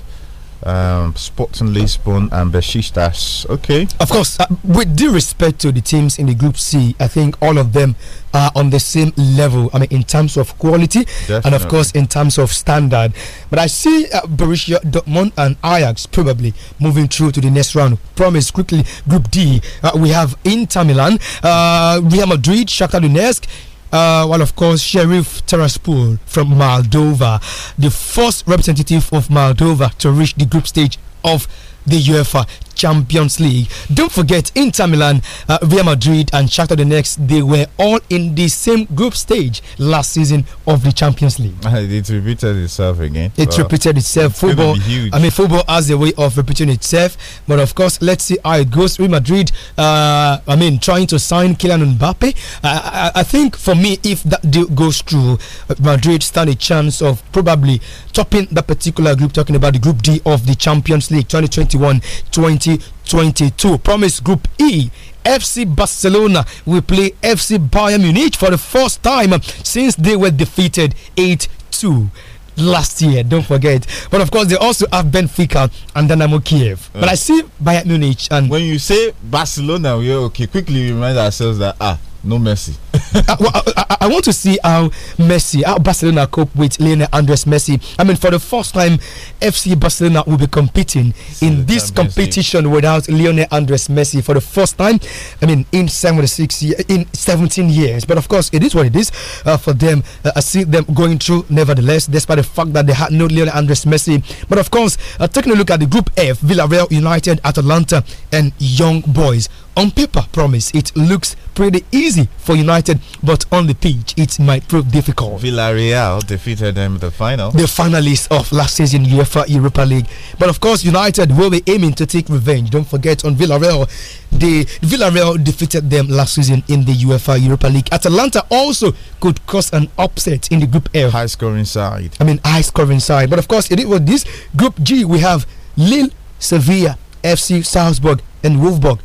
um, Sporting Lisbon and Besiktas. Okay. Of course, uh, with due respect to the teams in the Group C, I think all of them are on the same level. I mean, in terms of quality Definitely. and of course in terms of standard. But I see uh, Borussia Dortmund and Ajax probably moving through to the next round. Promise quickly. Group D, uh, we have Inter Milan, uh, Real Madrid, Shakhtar Donetsk uh, well, of course, Sheriff Taraspol from Moldova, the first representative of Moldova to reach the group stage of the UEFA Champions League. Don't forget, Inter Milan, uh, Real Madrid, and Shakhtar next. they were all in the same group stage last season of the Champions League. it repeated itself again. It well, repeated itself. It's football, I mean, football has a way of repeating itself. But of course, let's see how it goes. Real Madrid, uh, I mean, trying to sign Kylian Mbappe. I, I, I, think for me, if that deal goes through, Madrid stand a chance of probably topping that particular group. Talking about the Group D of the Champions League 2021 20. 2022. Promise Group E FC Barcelona will play FC Bayern Munich for the first time since they were defeated 8 2 last year. Don't forget. But of course, they also have Benfica and Dynamo Kiev. Uh, but I see Bayern Munich and when you say Barcelona, we're okay. Quickly remind ourselves that ah, no mercy. I, I, want to see how Messi, how Barcelona cope with Lionel Andres Messi. I mean, for the first time, FC Barcelona will be competing in this competition without Lionel Andres Messi for the first time. I mean, in 76 in 17 years. But of course, it is what it is uh, for them. Uh, I see them going through, nevertheless, despite the fact that they had no Lionel Andres Messi. But of course, uh, taking a look at the Group F, Villarreal United, Atalanta, and Young Boys. On paper, promise it looks pretty easy for United but on the pitch, it might prove difficult. Villarreal defeated them in the final. The finalists of last season UEFA Europa League. But of course, United will be aiming to take revenge. Don't forget on Villarreal. The Villarreal defeated them last season in the UEFA Europa League. Atalanta also could cause an upset in the Group F. High scoring side. I mean, high scoring side. But of course, it was this Group G, we have Lille, Sevilla, FC Salzburg, and Wolfsburg.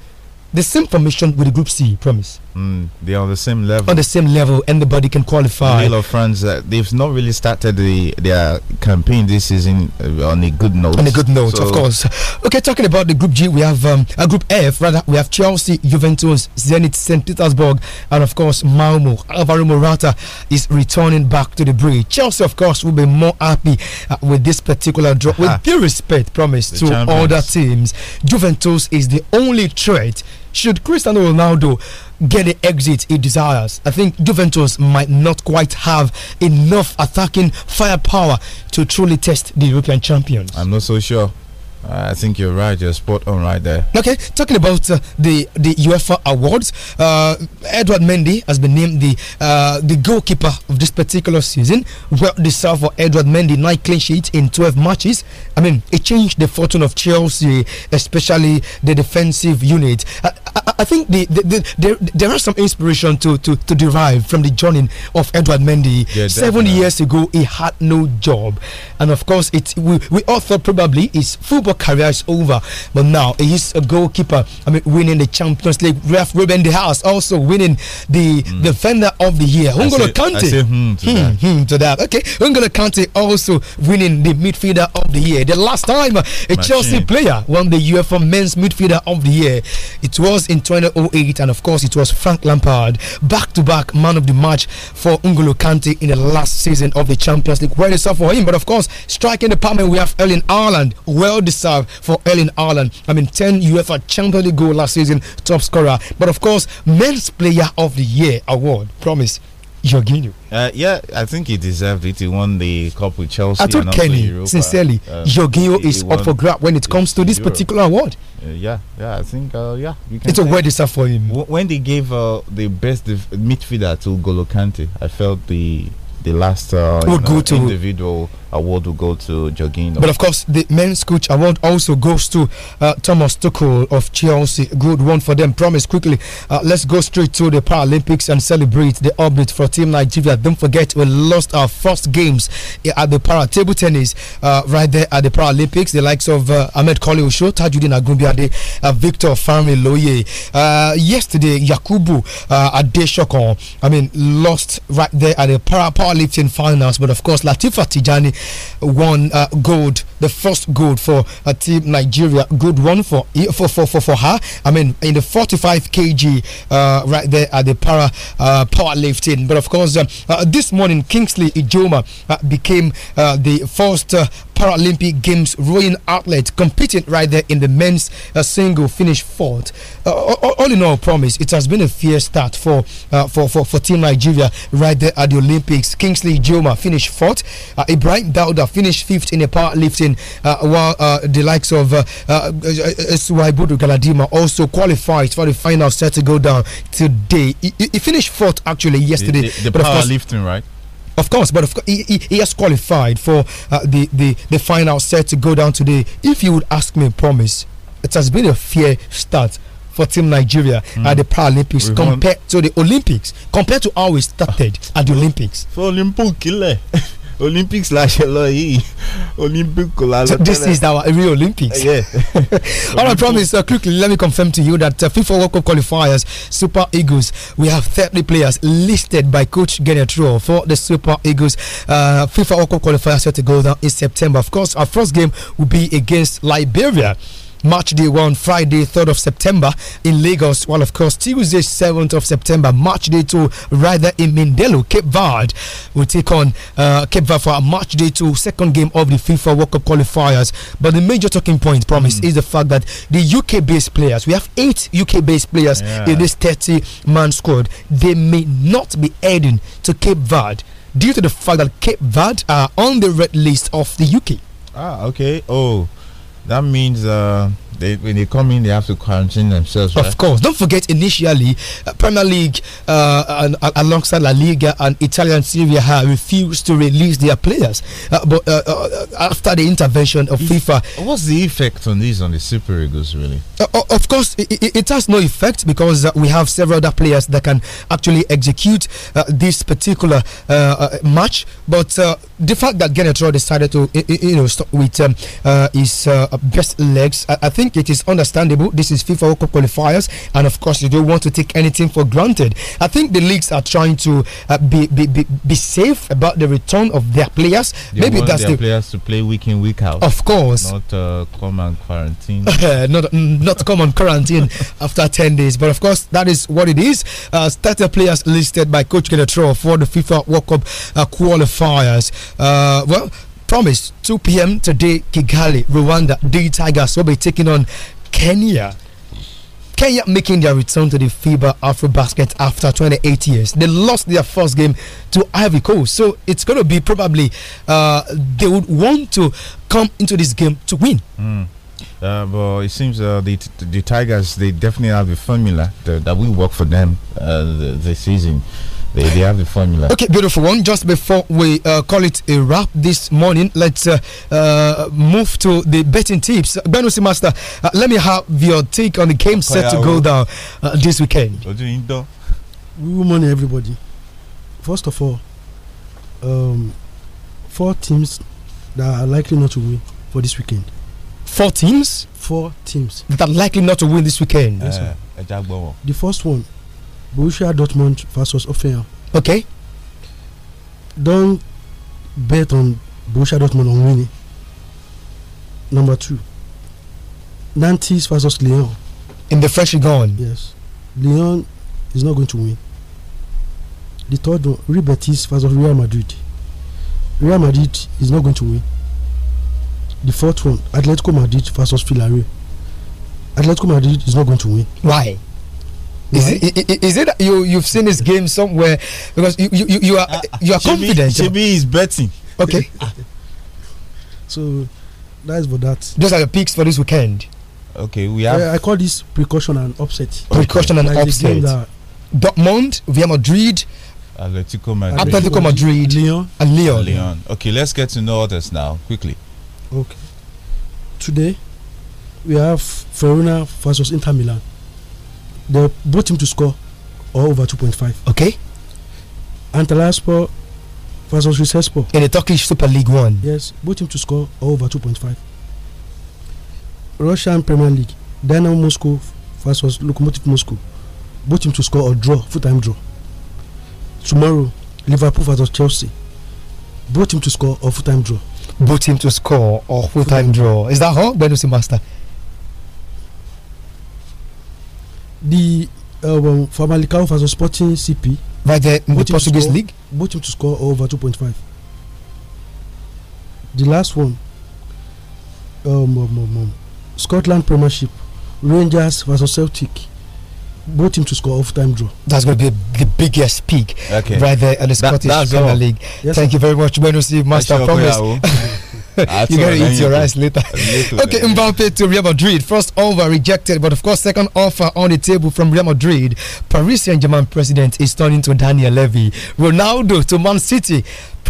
The same formation with the Group C, promise. Mm, they are on the same level. On the same level, anybody can qualify. Real of France, uh, they've not really started the, their campaign this season uh, on a good note. On a good note, so of course. Okay, talking about the Group G, we have um, a uh, Group F, rather, we have Chelsea, Juventus, Zenit, St. Petersburg, and of course, Malmo. Alvaro Morata is returning back to the bridge. Chelsea, of course, will be more happy uh, with this particular draw, with ah. due respect, promise, the to champions. other teams. Juventus is the only threat. Should Cristiano Ronaldo get the exit he desires. I think Juventus might not quite have enough attacking firepower to truly test the European champions. I'm not so sure. I think you're right. You're spot on right there. Okay, talking about uh, the the UEFA awards, uh, Edward Mendy has been named the uh, the goalkeeper of this particular season. Well deserved for Edward Mendy, nine clean sheets in 12 matches. I mean, it changed the fortune of Chelsea, especially the defensive unit. Uh, I think the, the, the, the, there are some inspiration to, to, to derive from the journey of Edward Mendy. Yeah, Seven years ago, he had no job, and of course, it we, we all thought probably his football career is over, but now he is a goalkeeper. I mean, winning the Champions League. Ref Ruben De Haas also winning the mm. defender of the year. Ungolo Kante. I say hmm to, hmm, that. Hmm to that. Okay, Ungolo also winning the midfielder of the year. The last time a Machine. Chelsea player won the UEFA Men's Midfielder of the Year, it was in 2008, and of course, it was Frank Lampard, back to back man of the match for Ungolo Kante in the last season of the Champions League. Well deserved for him, but of course, striking department, we have Erling Haaland, well deserved for Erling Haaland. I mean, 10 UEFA Champions League goal last season, top scorer, but of course, Men's Player of the Year award. Promise Jorginho. Uh, yeah, I think he deserved it. He won the cup with Chelsea. I told Kenny Europa. sincerely, um, uh, Jorginho is up for grab when it comes to this Europe. particular award. Uh, yeah, yeah, I think uh, yeah, it's a well deserved for him. When they gave uh, the best midfielder to Golo Kante, I felt the the last uh, we'll oh, know, individual award will go to Jorginho. But of course, the men's coach award also goes to uh, Thomas Tuchel of Chelsea. Good one for them. Promise quickly. Uh, let's go straight to the Paralympics and celebrate the update for Team Nigeria. Don't forget, we lost our first games at the Para Table Tennis uh, right there at the Paralympics. The likes of uh, Ahmed Kole Osho, Tajudin Agumbiade, uh, Victor Farmi Loye. Uh, yesterday, Yakubu uh, Adeshokon, I mean, lost right there at the Para Powerlifting Finals. But of course, Latifa Tijani one uh, gold, the first gold for uh, Team Nigeria. Good one for, for for for for her. I mean, in the 45 kg uh, right there at the para uh, powerlifting. But of course, uh, uh, this morning Kingsley Ijoma uh, became the first Paralympic Games rowing outlet competing right there in the men's uh, single finish fourth. Uh, all in all, promise it has been a fierce start for uh, for, for for Team Nigeria right there at the Olympics. Kingsley Joma finished fourth. Ibrahim that would have finished fifth in the powerlifting, uh, while uh, the likes of uh, uh, uh Galadima also qualified for the final set to go down today. He, he finished fourth actually yesterday. The, the, the powerlifting, right? Of course, but of he, he, he, has qualified for uh, the, the, the final set to go down today. If you would ask me, promise, it has been a fair start for Team Nigeria mm. at the Paralympics We've compared won. to the Olympics, compared to how we started at the Olympics. For Olympic killer. olympics la ṣe lọ yìí olympic la lọ tẹ́lẹ̀. this is our real olympics. Yeah. yeah. all right promise uh, quickly let me confirm to you that uh, fifa world cup qualifiers super eagles we have thirty players listed by coach gennett rowe for the super eagles uh, fifa world cup qualifiers set to go down in september of course our first game will be against liberia. March Day 1, Friday, 3rd of September in Lagos, while of course Tuesday, 7th of September, March Day 2, rather in Mindelo, Cape Verde. will take on uh, Cape Verde for March Day 2, second game of the FIFA World Cup qualifiers. But the major talking point, promise, mm. is the fact that the UK based players, we have eight UK based players yeah. in this 30 man squad, they may not be heading to Cape Verde due to the fact that Cape Verde are on the red list of the UK. Ah, okay. Oh that means uh, they, when they come in, they have to quarantine themselves. Right? Of course. Don't forget, initially, uh, Premier League uh, and, uh, alongside La Liga and Italian Serie A refused to release their players. Uh, but uh, uh, after the intervention of if, FIFA, what's the effect on this on the Super Eagles? Really? of course, it, it, has no effect because we have several other players that can actually execute this particular match. But the fact that Genetro decided to, you know, stop with um, his best legs, I, I think think it is understandable. This is FIFA World Cup qualifiers, and of course, you don't want to take anything for granted. I think the leagues are trying to uh, be, be, be be safe about the return of their players. They Maybe that's the players to play week in week out. Of course, not uh, come and quarantine. not mm, not come on quarantine after ten days. But of course, that is what it is. Uh, starter players listed by Coach Kenetro for the FIFA World Cup uh, qualifiers. Uh, well, promised, 2 p.m. today, Kigali, Rwanda, the Tigers will be taking on Kenya. Kenya making their return to the FIBA AfroBasket after 28 years. They lost their first game to Ivory Coast, so it's going to be probably uh, they would want to come into this game to win. Mm. Uh, but it seems uh, the the Tigers they definitely have a formula that, that will work for them uh, this season. They, they have formula. Okay, beautiful one. Just before we uh, call it a wrap this morning, let's uh, uh, move to the betting tips. Benusi Master, uh, let me have your take on the game set to go oh. down uh, this weekend. Good morning, everybody. First of all, um, four teams that are likely not to win for this weekend. Four teams? Four teams. That are likely not to win this weekend. Yes, eh, the first one Borussia Dortmund versus Offenheim. Okay. Don't bet on Borussia Dortmund on winning. Number two. Nantes versus Lyon. In the French gone. Yes. Lyon is not going to win. The third one, Real Betis versus Real Madrid. Real Madrid is not going to win. The fourth one, Atletico Madrid versus Villarreal. Atletico Madrid is not going to win. Why? Is it, is it you you've seen this game somewhere because you you, you are you are ah, ah, confident? Shebi is betting. Okay. Ah. so that's for that. Those are the picks for this weekend. Okay, we have. I call this precaution and upset. Precaution okay. and like upset. That Dortmund, Real Madrid. Atletico Madrid. Atletico Madrid. Lyon, And Leon. Lyon. Okay, let's get to know others now quickly. Okay. Today, we have Verona versus Inter Milan the both team to score or over 2.5. Okay. Antalyaspor versus Rizespor. In the Turkish Super League 1. Yes, both team to score or over 2.5. Russian Premier League. Dynamo Moscow versus Lokomotiv Moscow. Both team to score or draw, full time draw. Tomorrow, Liverpool versus Chelsea. Both team to score or full time draw. Both team to score or full time draw. Is that all, Benusi Master? the um, Famalicão versus Sporting CP. Right there in both the Portuguese score, league? Both teams to score over 2.5. The last one, um um, um, um, Scotland Premiership, Rangers versus Celtic. Both teams to score off time draw. That's going to be the biggest peak okay. right there at the that, Scottish Premier League. Yes, Thank sir. you very much, Buenos Master Promise. you gotta eat your rice later. okay, Mbappe to Real Madrid. First offer rejected, but of course, second offer on the table from Real Madrid. Paris Saint Germain president is turning to Daniel Levy. Ronaldo to Man City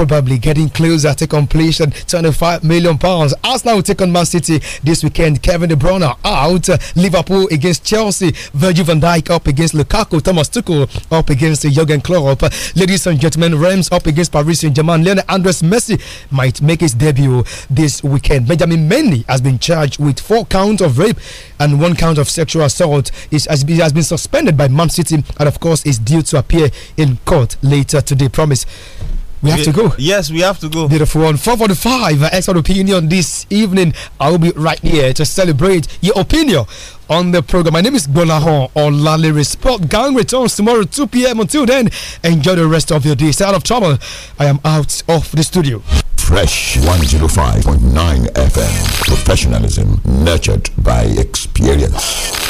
probably getting closer to completion. 25 million pounds. Arsenal will take on Man City this weekend. Kevin De Bruyne out. Liverpool against Chelsea. Virgil van Dijk up against Lukaku. Thomas Tuchel up against uh, Jurgen Klopp. ladies and gentlemen, Rams up against Paris Saint-Germain. Leonard Andres Messi might make his debut this weekend. Benjamin Mendy has been charged with four counts of rape and one count of sexual assault. He has been suspended by Man City and of course is due to appear in court later today. Promise we have we, to go. Yes, we have to go. Beautiful one. 445 uh, expert opinion this evening. I will be right here to celebrate your opinion on the program. My name is Bonahon Olalere Sport Gang returns tomorrow 2 p.m. Until then, enjoy the rest of your day. Stay out of trouble. I am out of the studio. Fresh 105.9 FM. Professionalism nurtured by experience.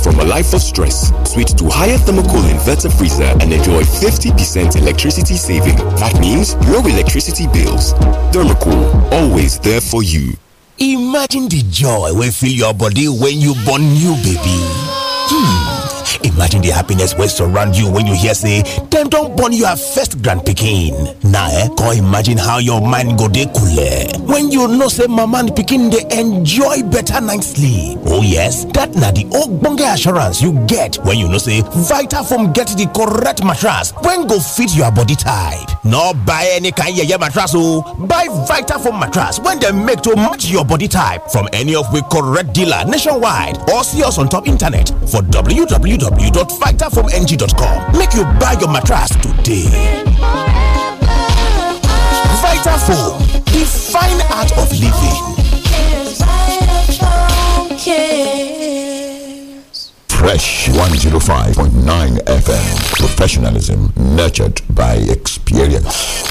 from a life of stress. Switch to higher thermocool inverter freezer and enjoy 50% electricity saving. That means low electricity bills. Thermocool, always there for you. Imagine the joy will fill your body when you born new baby. Hmm. Imagine the happiness wey surround you when you hear say don't born your first grand picking." Now, eh, Go imagine how your mind go dekulé when you know say mama and picking they enjoy better night sleep. Oh yes, that na the old bungee assurance you get when you know say Vitafoam get the correct mattress when go fit your body type. No buy any kind of mattress oh! buy Vitafoam mattress when they make to match your body type from any of we correct dealer nationwide or see us on top internet for www www.vitafromng.com. Make you buy your mattress today. Vitafoam, the fine art of living. Fresh 105.9 FM. Professionalism nurtured by experience.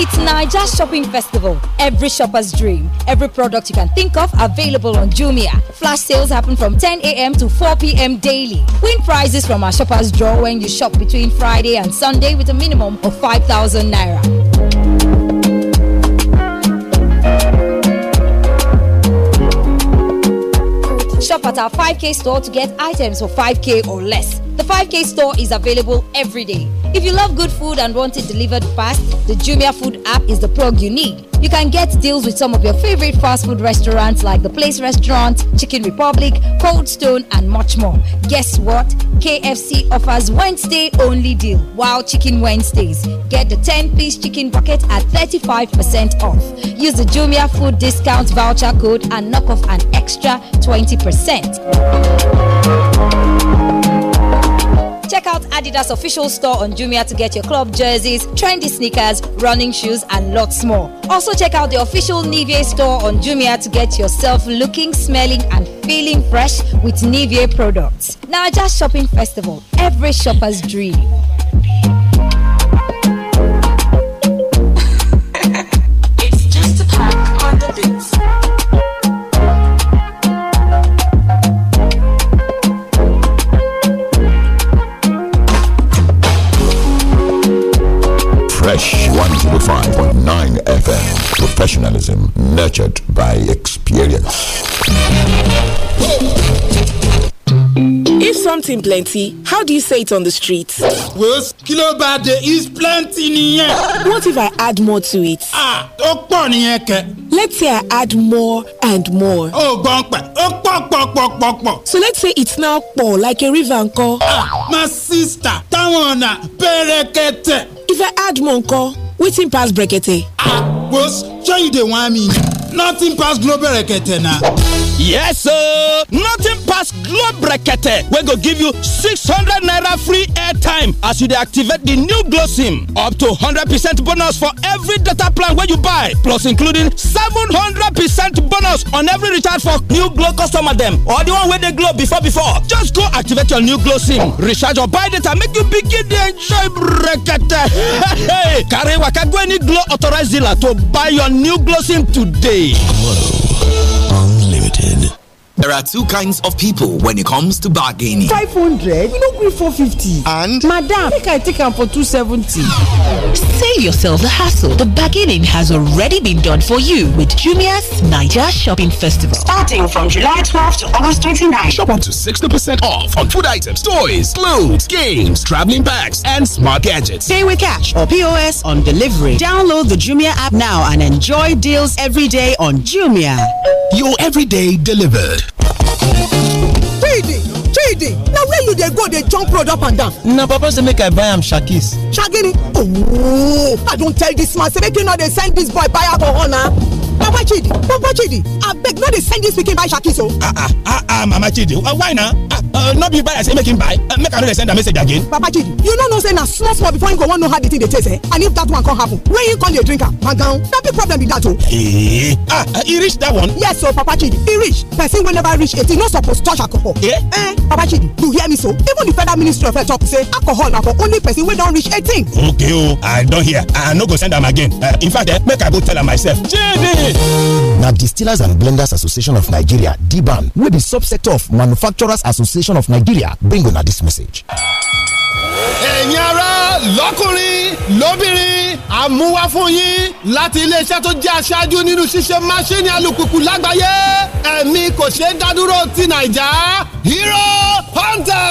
It's Niger Shopping Festival. Every shopper's dream. Every product you can think of available on Jumia. Flash sales happen from 10 a.m. to 4 p.m. daily. Win prizes from our shoppers draw when you shop between Friday and Sunday with a minimum of 5,000 naira. Shop at our 5K store to get items for 5K or less. The 5K store is available every day. If you love good food and want it delivered fast, the Jumia Food app is the plug you need. You can get deals with some of your favorite fast food restaurants like The Place Restaurant, Chicken Republic, Cold Stone, and much more. Guess what? KFC offers Wednesday only deal, Wow Chicken Wednesdays. Get the 10 piece chicken bucket at 35% off. Use the Jumia Food discount voucher code and knock off an extra 20%. Check out Adidas official store on Jumia to get your club jerseys, trendy sneakers, running shoes, and lots more. Also, check out the official Nivea store on Jumia to get yourself looking, smelling, and feeling fresh with Nivea products. Now, just Shopping Festival, every shopper's dream. professionalism nurtured by experience. If something plenty, how do you say it on the street? Well, kilo is plenty What if I add more to it? Ah, o nìyẹn kẹ. Let's say I add more and more. Oh, gbọ́n pẹ̀, ó pọ̀ pọ̀ pọ̀ So let's say it's now pọ̀ like a river ńkọ́. Ah, my sister, táwọn a pẹ̀rẹ̀kẹ̀tẹ̀. If I add more ńkọ́, wetin pass brekete? Ah. bros shey you dey whine me nothing pass global rekete na yes ooo nothing past globe brekete We go give you 600 naira free airtime as you deactivate the new glow sim up to 100 percent bonus for every data plan wey you buy plus including 700 percent bonus on every recharge for new glow customer them. or the one where they glow before before just go activate your new glow sim recharge or buy data make you begin dey enjoy brekete hey carry waka go any glow authorized dealer to buy your new glow sim today. Glow Limited. There are two kinds of people when it comes to bargaining. 500? We don't agree 450. And? Madam, I think I take him for 270. Save yourself the hassle. The bargaining has already been done for you with Jumia's Niger Shopping Festival. Starting from July 12th to August 29th. Shop up to 60% off on food items, toys, clothes, games, traveling bags, and smart gadgets. Pay with cash or POS on delivery. Download the Jumia app now and enjoy deals every day on Jumia. Your everyday delivered. Reading chidi na where you dey go dey jump road up and down na papa say make i buy am shakis shagini Oh, i don tell dis man say make he no dey send dis boy buy alcohol na papa chidi papa chidi beg not to send this weekend buy shakiso. ah ah ah ah mama chidi uh, why na Ah, uh, no be buy i say make him buy uh, make i send a message again. papa chidi you no say na small small before you go wan know how the thing they taste eh and if that one come happen when you come dey drinker, my gangan na big problem be that too. Oh. ee eh, ah uh, reach that one. yes so, oh, papa chidi he reach person will never reach not no to touch alcohol. eh eh papa chidi you hear me so even the federal minister of health talk say alcohol now for only person don't reach eighteen. okay oh, I don't hear i no go send them again uh, in fact eh, make i go tell them myself. chidi. na distillers and blenders association of nigeria dban wey be subsector of manufacturers association of nigeria bring una dis message. ẹ̀yin ará lọ́kùnrin lóbìnrin àmúwá fún yín láti iléeṣẹ́ tó jẹ́ aṣáájú nínú ṣíṣe máṣíìnì alùpùpù lágbàáyé ẹ̀mí kò ṣeé dádúró ti nàìjà hero hunter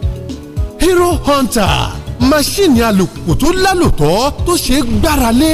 Hero Hunter máṣíìnì alùpùpù tó lálòtọ́ tó ṣeé gbára lé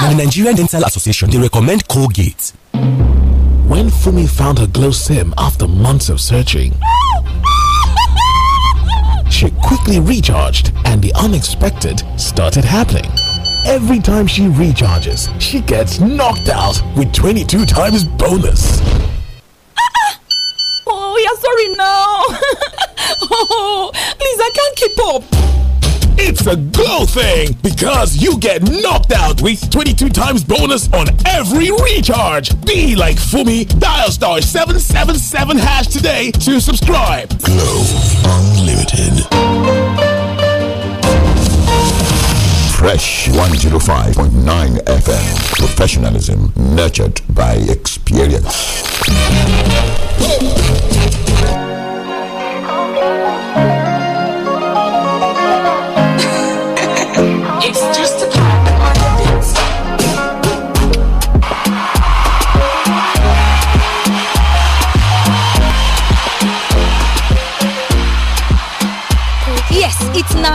Now, the Nigerian Dental Association, they recommend Colgate. When Fumi found her glow sim after months of searching, she quickly recharged and the unexpected started happening. Every time she recharges, she gets knocked out with 22 times bonus. oh, we are sorry now. oh, please, I can't keep up. It's a glow thing because you get knocked out with 22 times bonus on every recharge. Be like Fumi, dial star 777 hash today to subscribe. Glow Unlimited. Fresh 105.9 FM. Professionalism nurtured by experience.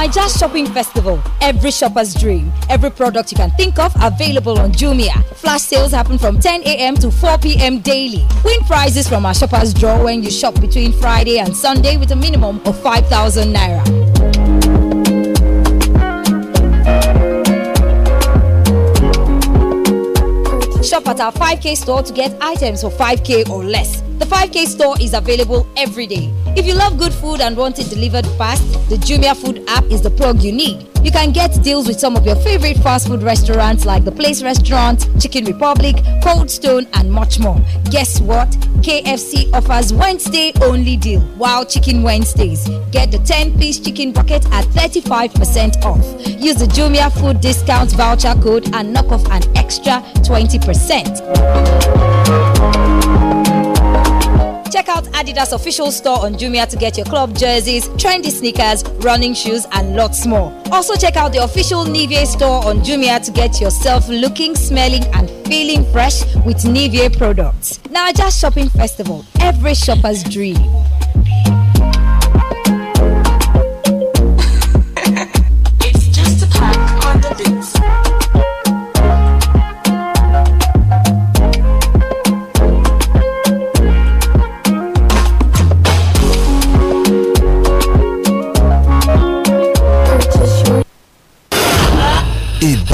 Niger Shopping Festival. Every shopper's dream. Every product you can think of available on Jumia. Flash sales happen from 10 a.m. to 4 p.m. daily. Win prizes from our shoppers draw when you shop between Friday and Sunday with a minimum of 5,000 naira. shop at our 5K store to get items for 5K or less. The 5K store is available every day. If you love good food and want it delivered fast, the Jumia Food app is the plug you need. You can get deals with some of your favorite fast food restaurants like The Place Restaurant, Chicken Republic, Cold Stone, and much more. Guess what? KFC offers Wednesday only deal. Wow Chicken Wednesdays. Get the 10 piece chicken bucket at 35% off. Use the Jumia food discount voucher code and knock off an extra 20%. Check out Adidas official store on Jumia to get your club jerseys, trendy sneakers, running shoes, and lots more. Also, check out the official Nivea store on Jumia to get yourself looking, smelling, and feeling fresh with Nivea products. Now, just shopping festival, every shopper's dream.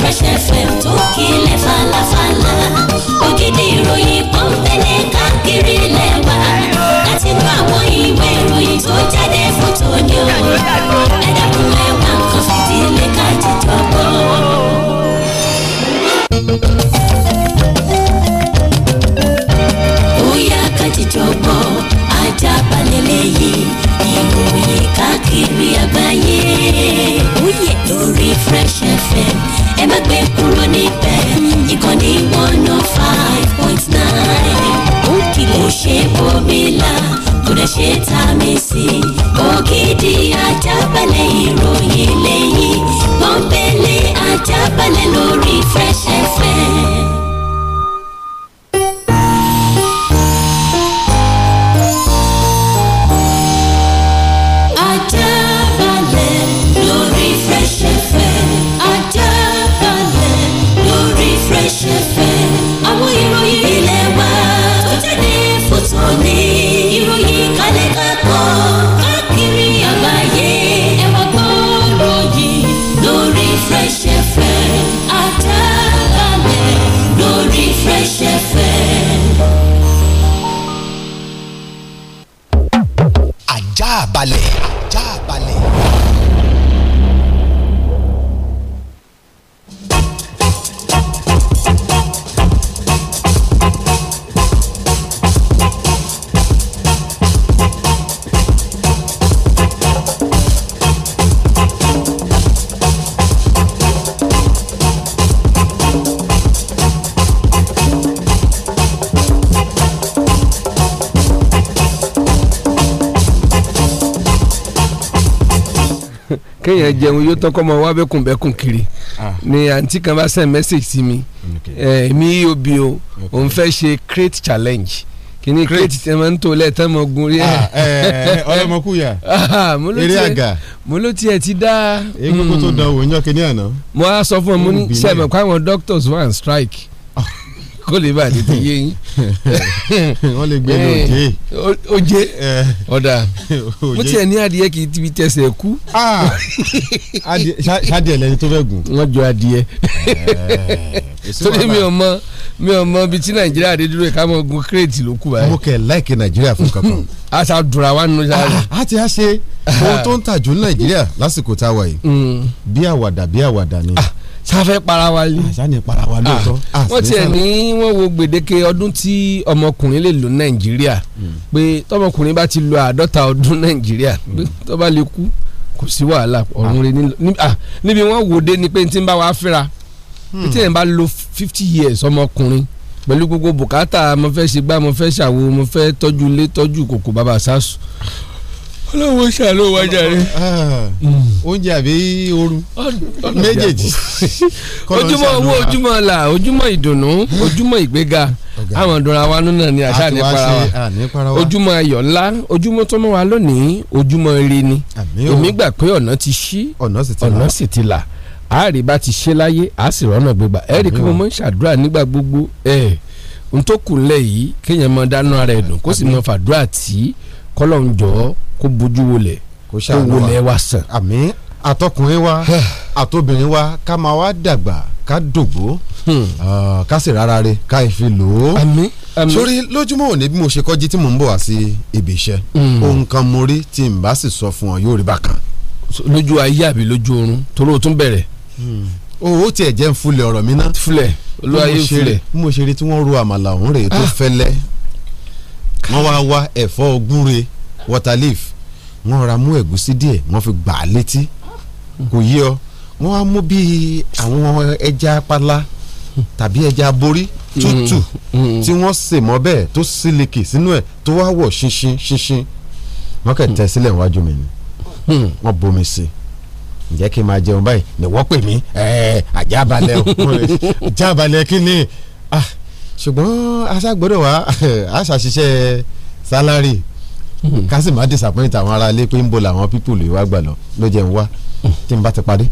Fresh FM tó kílẹ̀ falafala ògidì ìròyìn kan fẹ́lẹ̀ káàkiri lẹ́wà láti nú àwọn ìwé ìròyìn tó jáde fún tòní o ẹ̀dẹ́kun ẹ̀wà nǹkan fìdílé ká jíjọ gbọ́. bóyá ká jíjọ gbọ́ ajá balẹ̀ lẹ́yìn ìròyìn káàkiri àgbáyé lórí Fresh FM ẹ má gbé kúrò níbẹ̀ ìkànnì one oh five point nine. ó kìlẹ̀ ó ṣe bòmílà kò dẹ̀ ṣe tá a mi ògidì ajábalẹ̀ ìròyìn lẹ́yìn yóò tán kọ́ mọ wá bẹ́kùnbẹ́kùn kiri ah. ni àǹtí kan bá send message sí mi èmi yóò bí o òun fẹ́ ṣe create challenge kini crate tẹ máa ń tò lẹ tẹ mọ gun rí ẹ. Ah, ọlọmọkùyà ah, eré àga mo ló tiẹ̀ ti dá. egungun tó hmm. dán wò ń yọ àná. mo á sọ fún ọ mo ní sẹ́mi kó doctors wà on strike kó lè bá tètè yé yín wọ́n lè gbé ní òjé. Eh, òjé eh. ọ̀dà mo tiẹ̀ ní adìyẹ kì í ti fi tẹsẹ̀ kú. ṣáàdìẹ ah. lẹni tó fẹ́ gùn. wọ́n jọ adìyẹ eh, torí mi ò mọ mi ò mọ ibi tí nàìjíríà dé dúró ká mọ gun kírètì ló kù báyìí. mo kẹ láìkè nàìjíríà fún kankan. a ta dùrà wa nínú sáré. Ah, a ti a ṣe ohun tó ń tàjú nàìjíríà lásìkò tá a wà yìí mm. bí àwàdà bí àwàdà ni. Ah, sáfẹ́ para wa yìí. àṣà ni para wa lóòótọ́. Ah, wọ́n tiẹ̀ ní wọ́n wo gbèdéke ọdún tí ọmọkùnrin lè lò nàìjíríà hmm. pé tọmọkùnrin bá ti lo àádọ́ta ọdún nàìjíríà hmm. tó bá lè kú kò sí wàhálà ọ̀run ah. rẹ ah, níbi wọ́n wò dé ni pé tí ń bá wa fẹ́ra hmm. tí ẹ̀ ń bá lo fifty years ọmọkùnrin pẹ̀lú gbogbo bùkátà mo fẹ́ ṣe gbá mo fẹ́ ṣàwo mo fẹ́ tọ́jú ilé tọ́jú kòkò bàbá sásù ọlọ́wọ́ ṣàlọ́ wa jàre. Ah. oúnjẹ àbí ooru méjèèjì. ojúmọ́ owó ojúmọ́ là ojúmọ́ ìdùnnú ah. ojúmọ́ ìgbéga àwọn ìdúnra wa nínú ni àṣà nípara wa ojúmọ́ ayọ̀ ńlá ojúmọ́ tó mọ́ wa lónìí ojúmọ́ ire ni èmi gbà pé ọ̀nà ti ṣí ọ̀nà sì ti là àárẹ̀ bá ti ṣe láyé a sì rọ́nà gbégbá ẹ̀rí kí mo mọ̀ ń ṣàdúrà nígbà gbogbo ẹ̀ n yìí kéèyàn mọ dáná ara ẹ̀ dùn kó sì mọ fàdúrà tí kọ́lọ́ ń jọ kó bójú wọlé kó wọlé wa sàn. àmín àtọkùnrin wa àtobìnrin wa ká máa wá dàgbà ká dògbó hmm. ah, ká sì rárá re ká fi lò ó. àmín àmín sórí lójúmọ́ òní bí mo ṣe kọ́jí tí mò ń bọ̀ wá sí ibi iṣẹ́ hmm. ohun kan mo rí tí n bá sì sọ fún ọ yóò rí bákan. lójú ayé àbí lójú oorun torí o tún bẹ̀rẹ̀. Hmm. o tiẹ̀ jẹ́ ń ọ̀rọ̀ mi náà. fulẹ̀ olúwayé fulẹ̀. mo ṣe rí tí wọ́n ro àmàlà òun rèé tó ah. fẹ́lẹ́ wọ́n wá wá ẹ̀fọ́ ogún rèé water leaf wọ́n ra mú ẹ̀gúsí díẹ̀ wọ́n fi gbà á létí kò yí ọ wọ́n á mú bíi àwọn ẹja pala tàbí ẹja aborí tútù tí wọ́n sè mọ́ bẹ́ẹ̀ tó sílíkì sínú ẹ̀ tó wá wọ̀ ṣinṣin ṣinṣin wọ́n kẹ̀ tẹ́ sílẹ̀ níwájú mi ni wọ́n bomi sí ǹjẹ́ kí n máa jẹun báyìí ni wọ́n pè mí àjábalẹ̀ àjábalẹ̀ kí ni ah, ṣùgbọ́n aṣágbọ́dọ̀ wa aṣàṣiṣẹ́ sálárì Hmm. ká sì má disappoint àwọn ará ilé pé ń bo làwọn pípùlù yìí wá gbà lọ ló jẹ́ ń wá hmm. tí n bá ti parí.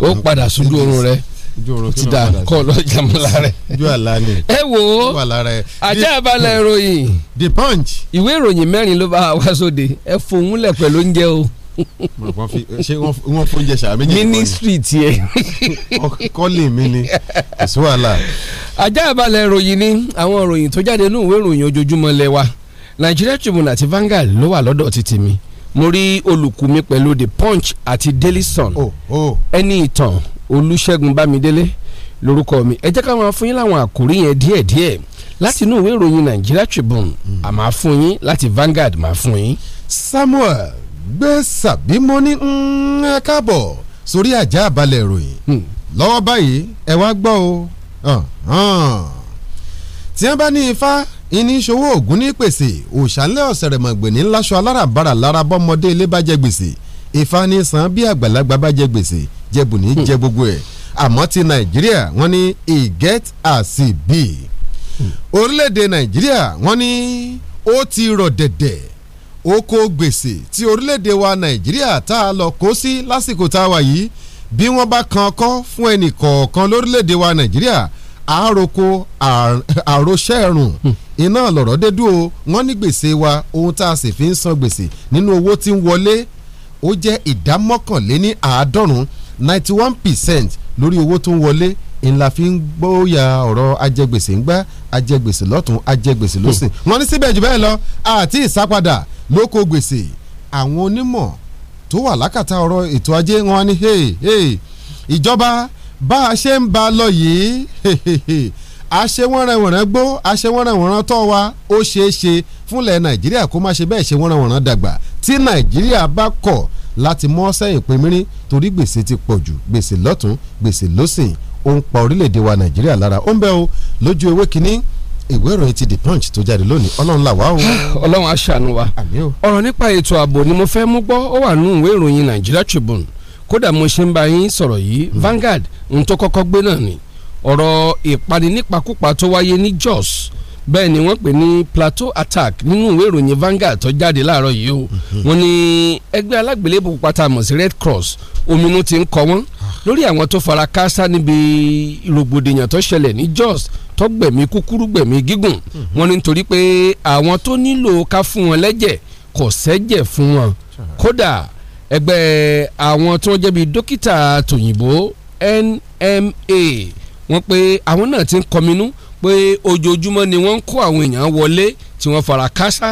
ó padà sójú oorun rẹ ti dà kọ́ lọ jàmúlá rẹ. ojú àlá ni ẹ wo ajá balẹ̀ ìròyìn the punch ìwé ìròyìn mẹ́rin ló bá wá sóde ẹ fòun lẹ̀ pẹ̀lú oúnjẹ o ṣé wọ́n fún jẹ sàmì jẹ ministry tiẹ̀ kọ́lé mi ni kò sí wàhálà. ajá balẹ̀ ìròyìn ni àwọn ìròyìn tó jáde ní ìwé ìròyìn ojoojúmọ́ lẹ́wà Nigeria Tribune àti Vanguard ló wà lọ́dọ̀ ti tèmi mo rí olùkú mi pẹ̀lú The Punch àti Daily Sun oh, oh. ẹni ìtàn Olúṣẹ́gun Bámidélé lórúkọ mi ẹ jẹ́ ká máa fún yín láwọn àkòrí yẹn díẹ̀díẹ̀ láti inú ìwé ìròyìn Nigeria Tribune a máa fún yín láti Vanguard máa fún yín. Samuel gbé sàbímọ ní mm, ẹ káàbọ̀ sórí àjà àbálẹ̀ ìròyìn hmm. lọ́wọ́ báyìí ẹ wá gbọ́ o tí wọ́n bá ní ifá ìní ṣòwò ògùn ní pèsè òṣàlẹ̀ ọ̀sẹ̀rẹ̀mọ̀gbè ní láṣọ aláràbarà lára bọ́mọdé ilé bá jẹ gbèsè ìfanisàn bí àgbàlagbà bá jẹ gbèsè jẹbù ní jẹ gbogbo ẹ̀ àmọ́ ti nàìjíríà wọ́n ní e get as e be orílẹ̀-èdè nàìjíríà wọ́n ní ó ti rọ̀ dẹ̀dẹ̀ ó kó gbèsè tí orílẹ̀-èdè wa nàìjíríà tá a lọ kó sí lásìkò tá a wà yìí bí wọ́n bá kan ọkọ́ fún ẹnì kọ̀ọ̀kan lórílẹ̀-èdè wa nàìjíríà àròkọ àròṣẹ́rùn hmm. iná lọ̀rọ̀ dédú o wọ́n ní gbèsè wa ohun tá a sì fi ń san gbèsè nínú owó tí ń wọlé ó jẹ́ ìdá mọ́kànléní àádọ́rùn ninety one percent lórí owó tó ń wọlé ńlá fi ń gbóòyà ọ̀rọ̀ ajẹgbèsè ń gbá ajẹgbèsè lọ́tún ajẹgbèsè lọ́sìn hmm. wọ́n ní síbẹ̀ jù bẹ́ẹ̀ lọ àti ìsápadà lóko gbèsè àwọn onímọ̀ tó wà lákàtà ọ̀rọ̀ ètò ajé wọn ni hey hey ìjọba bá a ṣe ń ba lọ yìí a ṣe wọ́n rẹ̀ wọ̀nrán gbó a ṣe wọ́n rẹ̀ wọ̀nrán tọ́ wa ó ṣeé ṣe fúnlẹ̀ nàìjíríà kó má ṣe bẹ́ẹ̀ ṣe wọ́n rẹ̀ wọ̀nrán dàgbà tí nàìjíríà bá kọ̀ láti mọ́ sẹ́yìn pinmirin torí gbèsè ti pọ̀ jù gbèsè lọ́tún gbèsè lọ́sìn ó ń pa orílẹ̀-èdè wa nàìjíríà lára ó ń bẹ́ o lójú ewé kínní ìwé ìròyìn ti the punch tó jáde lónìí ọlọ́run là wá o. ọlọ́run á wa ọ̀rọ̀ nípa ètò ààbò ni mo fẹ́ mú gbọ́ ó wà nínú ìwé ìròyìn nàìjíríà tribune kódà mo ṣe ń bá yín sọ̀rọ̀ yìí hmm. Vanguard ń tó kọ́kọ́ gbé náà ni ọ̀rọ̀ ìpani tó wáyé ní Jos bẹ́ẹ̀ ni wọ́n pè ní plateau attack nínú ìwé ìròyìn Vanguard tó jáde láàárọ̀ yìí o hmm. wọ́n ní ẹgbẹ́ alágbèlébù pátá mọ̀ sí Red Cross ominú ti ń kọ wọ́n ah. lórí àwọn tó fara káásá níbi rògbòdìyàn tó ṣẹlẹ̀ ní Jos tó gbẹ̀mí kúkúrú gbẹ̀mí gígùn hmm. wọ́n ní nítorí pé àwọn tó nílò ká fún wọn lẹ́jẹ̀ kò sẹ́jẹ̀ fún wọn kódà ẹgbẹ́ àwọn tó ń jẹ́ bíi dókítà tòyìnbó NMA wọ́n pé àwọn náà ti ń kọminú pé ojoojúmọ́ ni wọ́n ń kó àwọn èèyàn wọlé tí wọ́n fara káásá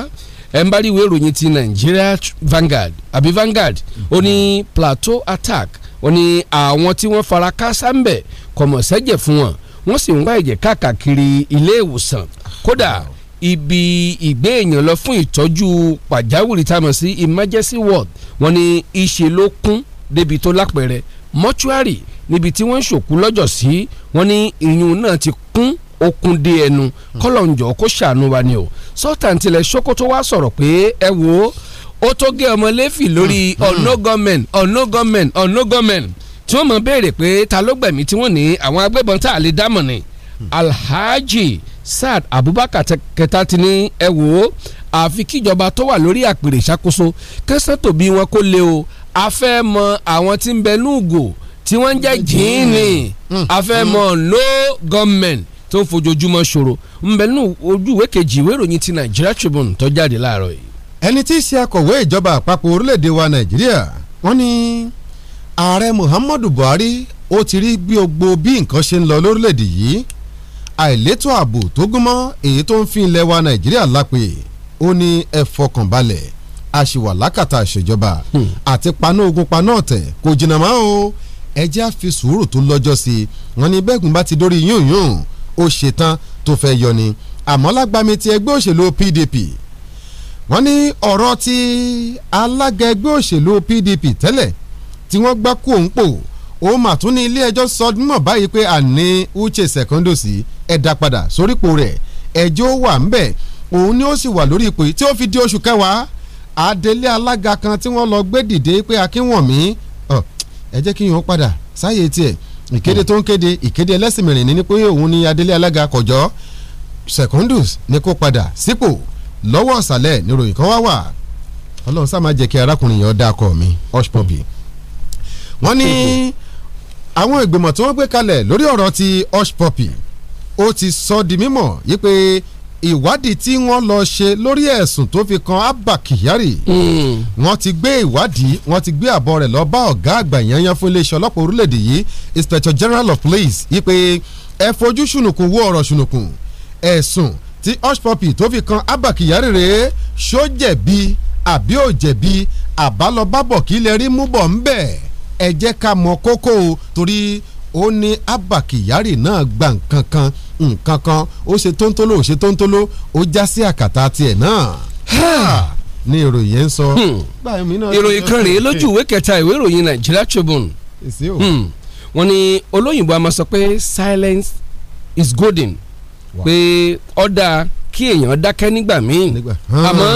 ẹ̀ ń bá rí ìwé ìròyìn ti Nigeria Vanguard àbí Vanguard ó ní plateau attack ó ní àwọn tí wọ́n fara káásá ń bẹ̀ kọ̀mọ̀sẹ́jẹ̀ fún wọn wọ́n sì ń wá ẹ̀jẹ̀ káàkiri ilé ìwòsàn kódà ibi ìgbé èèyàn lọ fún ìtọ́jú pàjáwìrì tá a mọ̀ sí emergency ward wọ́n ní ìṣe ló kún débi tó lápẹ̀rẹ̀ mọ́túárì níbi tí wọ́n ń ṣòkú lọ́jọ́ sí wọ́n ní ìyún náà ti kún okun dé ẹnu kọ́lọ̀njọ́ kó ṣàánú wa ni o Sultan tilẹ̀ Sokoto wá sọ̀rọ̀ pé ẹ wo ó tó gé ọmọ lẹ́fì lórí hmm, hmm. ọ̀nà gọ́ọ̀mẹ̀n ọ̀nà gọ́ọ̀mẹ̀n ọ̀nà gọ́ọ̀mẹ̀n tí wọ́n mọ̀ béèrè pé ta ló gbẹ̀mí tí wọ́n ní àwọn agbébọn tá a lè dámọ̀ ni hmm. Alhaji Saad Abubakar kẹta ti ní ẹ wò ó àfi kíjọba tó wà lórí àpèrè ìṣàkóso kẹsàn tòbí wọn kó lé o a fẹ́ mọ àwọn tí ń bẹ lúgò tí wọ́n ń jẹ́ jíìnì mm. a fẹ́ mọ mm. low government tó ń fojoojúmọ́ ṣòro ń bẹ nínú ojú ìwé kejì ìwé ìròyìn ti Nigeria Tribune tó jáde láàárọ̀ yìí. ẹni tí í ṣe akọ̀wé ìjọba àpapọ̀ orílẹ̀‐èdè wa Nàìjíríà wọ́n ní ààrẹ Muhammadu Buhari ó ti rí gbogbo bí nǹkan ṣe ń lọ lórílẹ̀‐èdè yìí àìlétò ààbò tó gúnmọ́ èyí tó ń fi ilẹ̀ wa nàìjíríà lápè ó ní ẹ fọkàn balẹ̀ a sì wà lákàtà ìṣèjọba hmm. àti paná ogun paná ọ̀tẹ̀ kò jìnnà máa o ẹjẹ́ á fi sùúrù tó lọ́jọ́ sí i wọ́n ní bẹ́ẹ̀gùn bá ti dórí yún yún ó ṣetán tó fẹ́ yọ ni àmọ́ lágbàmí ti ẹgbẹ́ òṣèlú PDP wọ́n ní ọ̀rọ̀ ti alága ẹgbẹ́ òṣèlú PDP tẹ́lẹ̀ tí wọ́n gbá kó òun pò ó mà tún ní ilé ẹjọ́ sọdúnmọ̀ báyìí pé àní Uche Sekondosi ẹ dá padà sórípò rẹ̀ ẹjọ́ wà ń bẹ̀ òun ni ó sì wà lórí ipò tí ó fi di oṣù kẹwàá adelé alága kan tí wọ́n lọ gbé dìde pé akínwọ̀nmí ẹ jẹ́ kí yòó padà sáyé tiẹ̀ ìkéde tó ń kéde ìkéde ẹlẹ́sìn mìíràn ní pé òun ni adelé alága kọjọ́ secondus ni kó padà sípò lọ́wọ́ ọ̀sàlẹ̀ níròyìn kan wá wà ọlọ́run sá máa jẹ́ kí arákùnrin yẹn dá akọ mi hush puppy. wọ́n ní àwọn ìgbìmọ̀ tí wọ́n gbé kalẹ̀ lórí ọ̀rọ̀ ti hush puppy ó ti sọ di mímọ̀ yí pé ìwádìí tí wọ́n lọ ṣe lórí ẹ̀sùn tó fi kan Abba Kyari hmm. wọ́n ti gbé ìwádìí wọ́n ti gbé àbọ̀ rẹ̀ lọ bá ọ̀gá àgbà yanyan fún iléeṣẹ́ ọlọ́pàá orílẹ̀ yìí Inspector General of Police yí pé ẹ fojú ṣùnùkùn wo ọ̀rọ̀ ṣùnùkùn ẹ̀sùn tí Hush Puppy tó fi kan Abba Kyari rèé ṣó jẹ̀bi àbí ò jẹ̀bi àbálọ́bábọ̀ kí lè rí mú bọ̀ ńbẹ̀ ẹ jẹ́ ká mọ kókó torí ó ní Abba Kyari náà gba nǹkan kan nǹkan kan ó ṣe tóńtóló ó ṣe tóńtóló ó já sí àkàtà tiẹ̀ náà ní ìròyìn yẹn ń sọ. Hmm. ìròyìn kan rèé lójú ìwé kẹta ìwé ìròyìn Nigeria Tribune hmm. wọ́n ní olóyìnbó a sọ pé silence is golden pé ọ̀dà kí èèyàn dákẹ́ nígbà míì àmọ́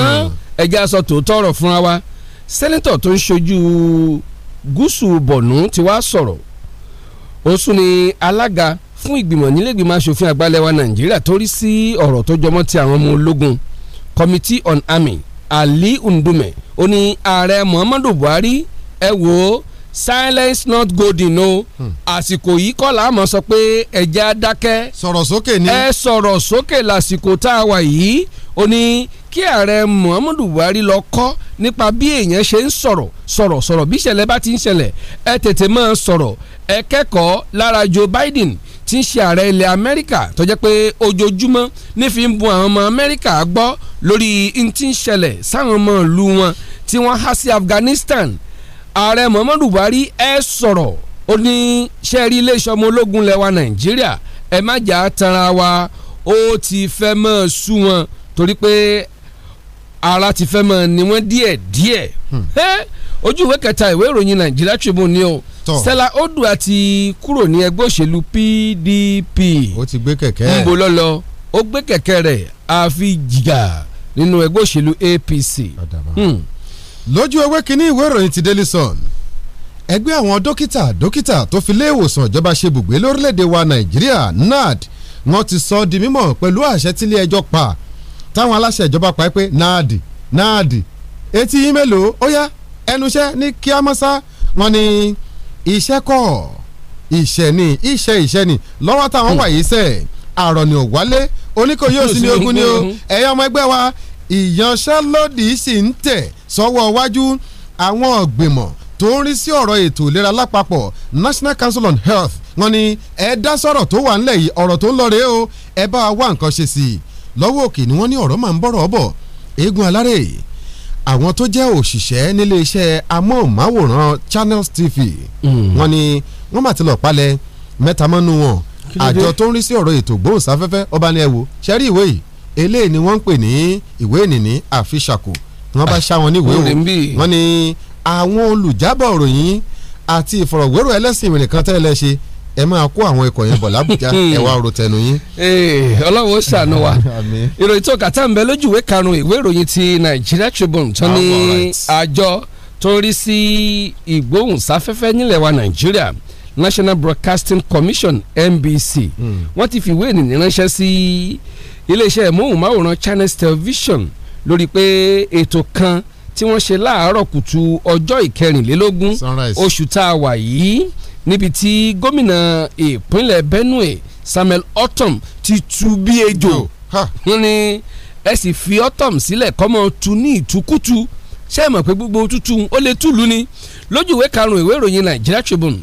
ẹja sọ tòótọ́ ọ̀rọ̀ fúnra wa sẹ́nẹ́tọ̀ tó ń ṣojú gúúsù bọ̀nú ti wá sọ̀rọ̀ ó sún ni alága fún ìgbìmọ̀ nílẹ̀gbìmọ̀ asòfin àgbàlẹ̀wà nàìjíríà tó rí sí ọ̀rọ̀ tó jọmọ́ ti àwọn ọmọ ológun committee on army ali ndume ó ní ààrẹ muhammadu buhari ẹ wò ó silence not golden o hmm. àsìkò yìí kọ́ la mọ̀ sọ pé ẹ̀jẹ̀ adákẹ́ sọ̀rọ̀ sókè ni ẹ sọ̀rọ̀ sókè lásìkò tá a wà yìí ó ní kí ààrẹ muhammadu buhari lọ kọ́ nípa bí èèyàn ṣe ń sọ̀rọ̀ sọ̀rọ̀ sọ̀rọ̀ bí ìṣẹ̀lẹ̀ bá ti ń ṣẹlẹ̀ ẹ tètè máa sọ̀rọ̀ ẹ kẹ́kọ̀ọ́ lára Joe Biden tí ń ṣe ààrẹ ilẹ̀ Amẹ́ríkà tó jẹ́ pé ojoojúmọ́ ní fi ń bu àwọn ọmọ Amẹ́ríkà gbọ́ lórí n tí ń ṣẹlẹ̀ sáwọn ọmọ ìlú wọn tí wọ́n há sí Afghanistan ààrẹ Muhammadu Buhari ẹ sọ̀rọ̀ ó ní sẹ́ẹ̀rí iléeṣẹ́ ọmọ ológun lẹ́wà Nàìjíríà ẹ má jà tanra wa ó ti fẹ́ mọ́ sú wọn torí pé ara ti fẹ́ mọ́ ni wọ́n díẹ̀ díẹ̀ hmm. ojú ìwé kẹta ìwé ìròyìn Nàìjíríà Tribune ni o. Hmm. Stella Odua ti kúrò ní ẹgbẹ́ òṣèlú PDP ó ti gbé kẹ̀kẹ́ ẹ̀ ń bo lọ́lọ́ ó gbé kẹ̀kẹ́ rẹ̀ àfi jìgà nínú ẹgbẹ́ òṣèlú APC. Hmm. lójú ewé kínní ìwé ìròyìn ti Daily Sun ẹgbẹ́ àwọn dókítà dókítà tó fi lé ìwòsàn ìjọba ṣe bùgbé lórílẹ̀‐èdè wa Nàìjíríà NAD wọ́n ti sọ di mímọ̀ pẹ̀lú àṣẹ tílé ẹjọ́ pa táwọn aláṣẹ ìjọba pa pé NAD NAD etí yín mélòó ó yá ẹnuṣẹ́ ní kíámọ́sá wọ́n ní. Ni iṣẹ́ kọ̀ iṣẹ́ ni iṣẹ́ iṣẹ́ ni lọ́wọ́ táwọn hmm. wà yìí sẹ̀ àrọ̀ ni ò wálé oníkó yóò sí ní ogun ni o ẹ̀yọ́ ọmọ ẹgbẹ́ wa ìyanṣẹ́lódì sì ń tẹ̀ sọ́wọ́ wájú àwọn ọ̀gbìmọ̀ tó ń rí sí ọ̀rọ̀ ètò ìlera lápapọ̀ National Council on Health wọ́n ní ẹ dá sọ̀rọ̀ tó wà ńlẹ̀ yìí ọ̀rọ̀ tó ń lọ rèé o ẹ bá wa wá nǹkan ṣe sí i lọ́wọ́ òkè ni wọ́n ní ọ̀rọ̀ máa ń bọ̀rọ̀ ọ̀bọ̀ eégún alárè àwọn tó jẹ́ òṣìṣẹ́ nílé iṣẹ́ amóhùnmáwòrán Channels TV hmm. wọ́n ní wọ́n mà ti lọ palẹ̀ mẹ́ta mọ́nú wọn àjọ tó ń rí sí ọ̀rọ̀ ètò gbóhùnsáfẹ́fẹ́ ọba ní ẹ̀wò sẹ́rí ìwé yìí eléyìí ni wọ́n ń pè ní ìwé ìnìní àfiṣàkò wọ́n bá ṣá wọn níwèé o wọ́n ní àwọn olùjábọ̀ ròyìn àti ìfọ̀rọ̀wérò ẹlẹ́sìn ìrìn kan tẹ́lẹ̀ ṣe ẹ máa kó àwọn ikọ̀ yẹn bọ̀ lábùjá ẹ wá ro tẹnu yín. Eh, ọlọ́run ó ṣàánú wa ìròyìn tó kàtà ń bẹ lójú karùn ìwé ìròyìn ti Nigeria Tribune tó ní àjọ tó ń rí sí ìgbóhùnsáfẹ́fẹ́ nílẹ̀ wa Nàìjíríà National Broadcasting Commission NBC hmm. wọ́n ti fìwé ènìyàn ránṣẹ́ sí iléeṣẹ́ móhùnmáwòrán Channels Television lórí pé ètò kan tí wọ́n ṣe láàárọ̀ kùtù ọjọ́ ìkẹrìnlélógún oṣù tá a wà yìí níbi tí gómìnà ìpínlẹ̀ Benue Samuel Ortom ti tu bí ejò wọ́n ní ẹ sì fi Ortom sílẹ̀ kọ́mọ tu ní ìtukùtù ṣé ẹ mọ̀ pé gbogbo tútù ó lè túlù ni lójú ìwé karùn-ún ìwé ìròyìn Nigeria Tribune